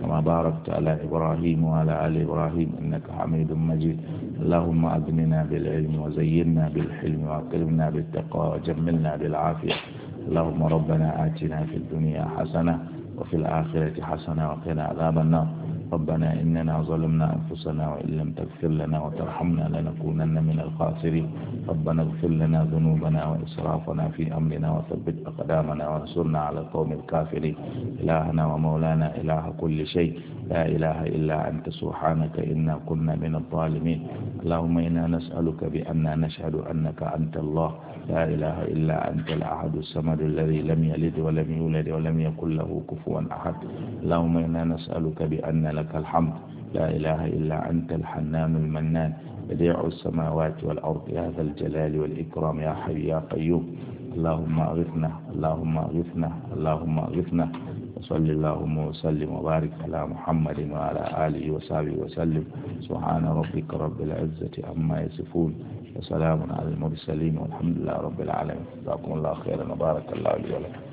كما باركت على إبراهيم وعلى آل إبراهيم إنك حميد مجيد اللهم أغننا بالعلم وزينا بالحلم وأكرمنا بالتقوى وجملنا بالعافية اللهم ربنا آتنا في الدنيا حسنة وفي الآخرة حسنة وقنا عذاب النار ربنا إننا ظلمنا أنفسنا وإن لم تغفر لنا وترحمنا لنكونن من الخاسرين ربنا اغفر لنا ذنوبنا وإسرافنا في أمرنا وثبت أقدامنا وانصرنا على القوم الكافرين إلهنا ومولانا إله كل شيء لا إله إلا أنت سبحانك إنا كنا من الظالمين اللهم إنا نسألك بأننا نشهد أنك أنت الله لا إله إلا أنت الأحد الصمد الذي لم يلد ولم يولد ولم يكن له كفوا أحد اللهم إنا نسألك بأن لك الحمد لا إله إلا أنت الحنان المنان بديع السماوات والأرض يا ذا الجلال والإكرام يا حي يا قيوم اللهم أغثنا اللهم أغثنا اللهم أغثنا وصل اللهم وسلم وبارك على محمد وعلى آله وصحبه وسلم سبحان ربك رب العزة عما يصفون وسلام على المرسلين والحمد لله رب العالمين جزاكم الله خيرا وبارك الله لي ولكم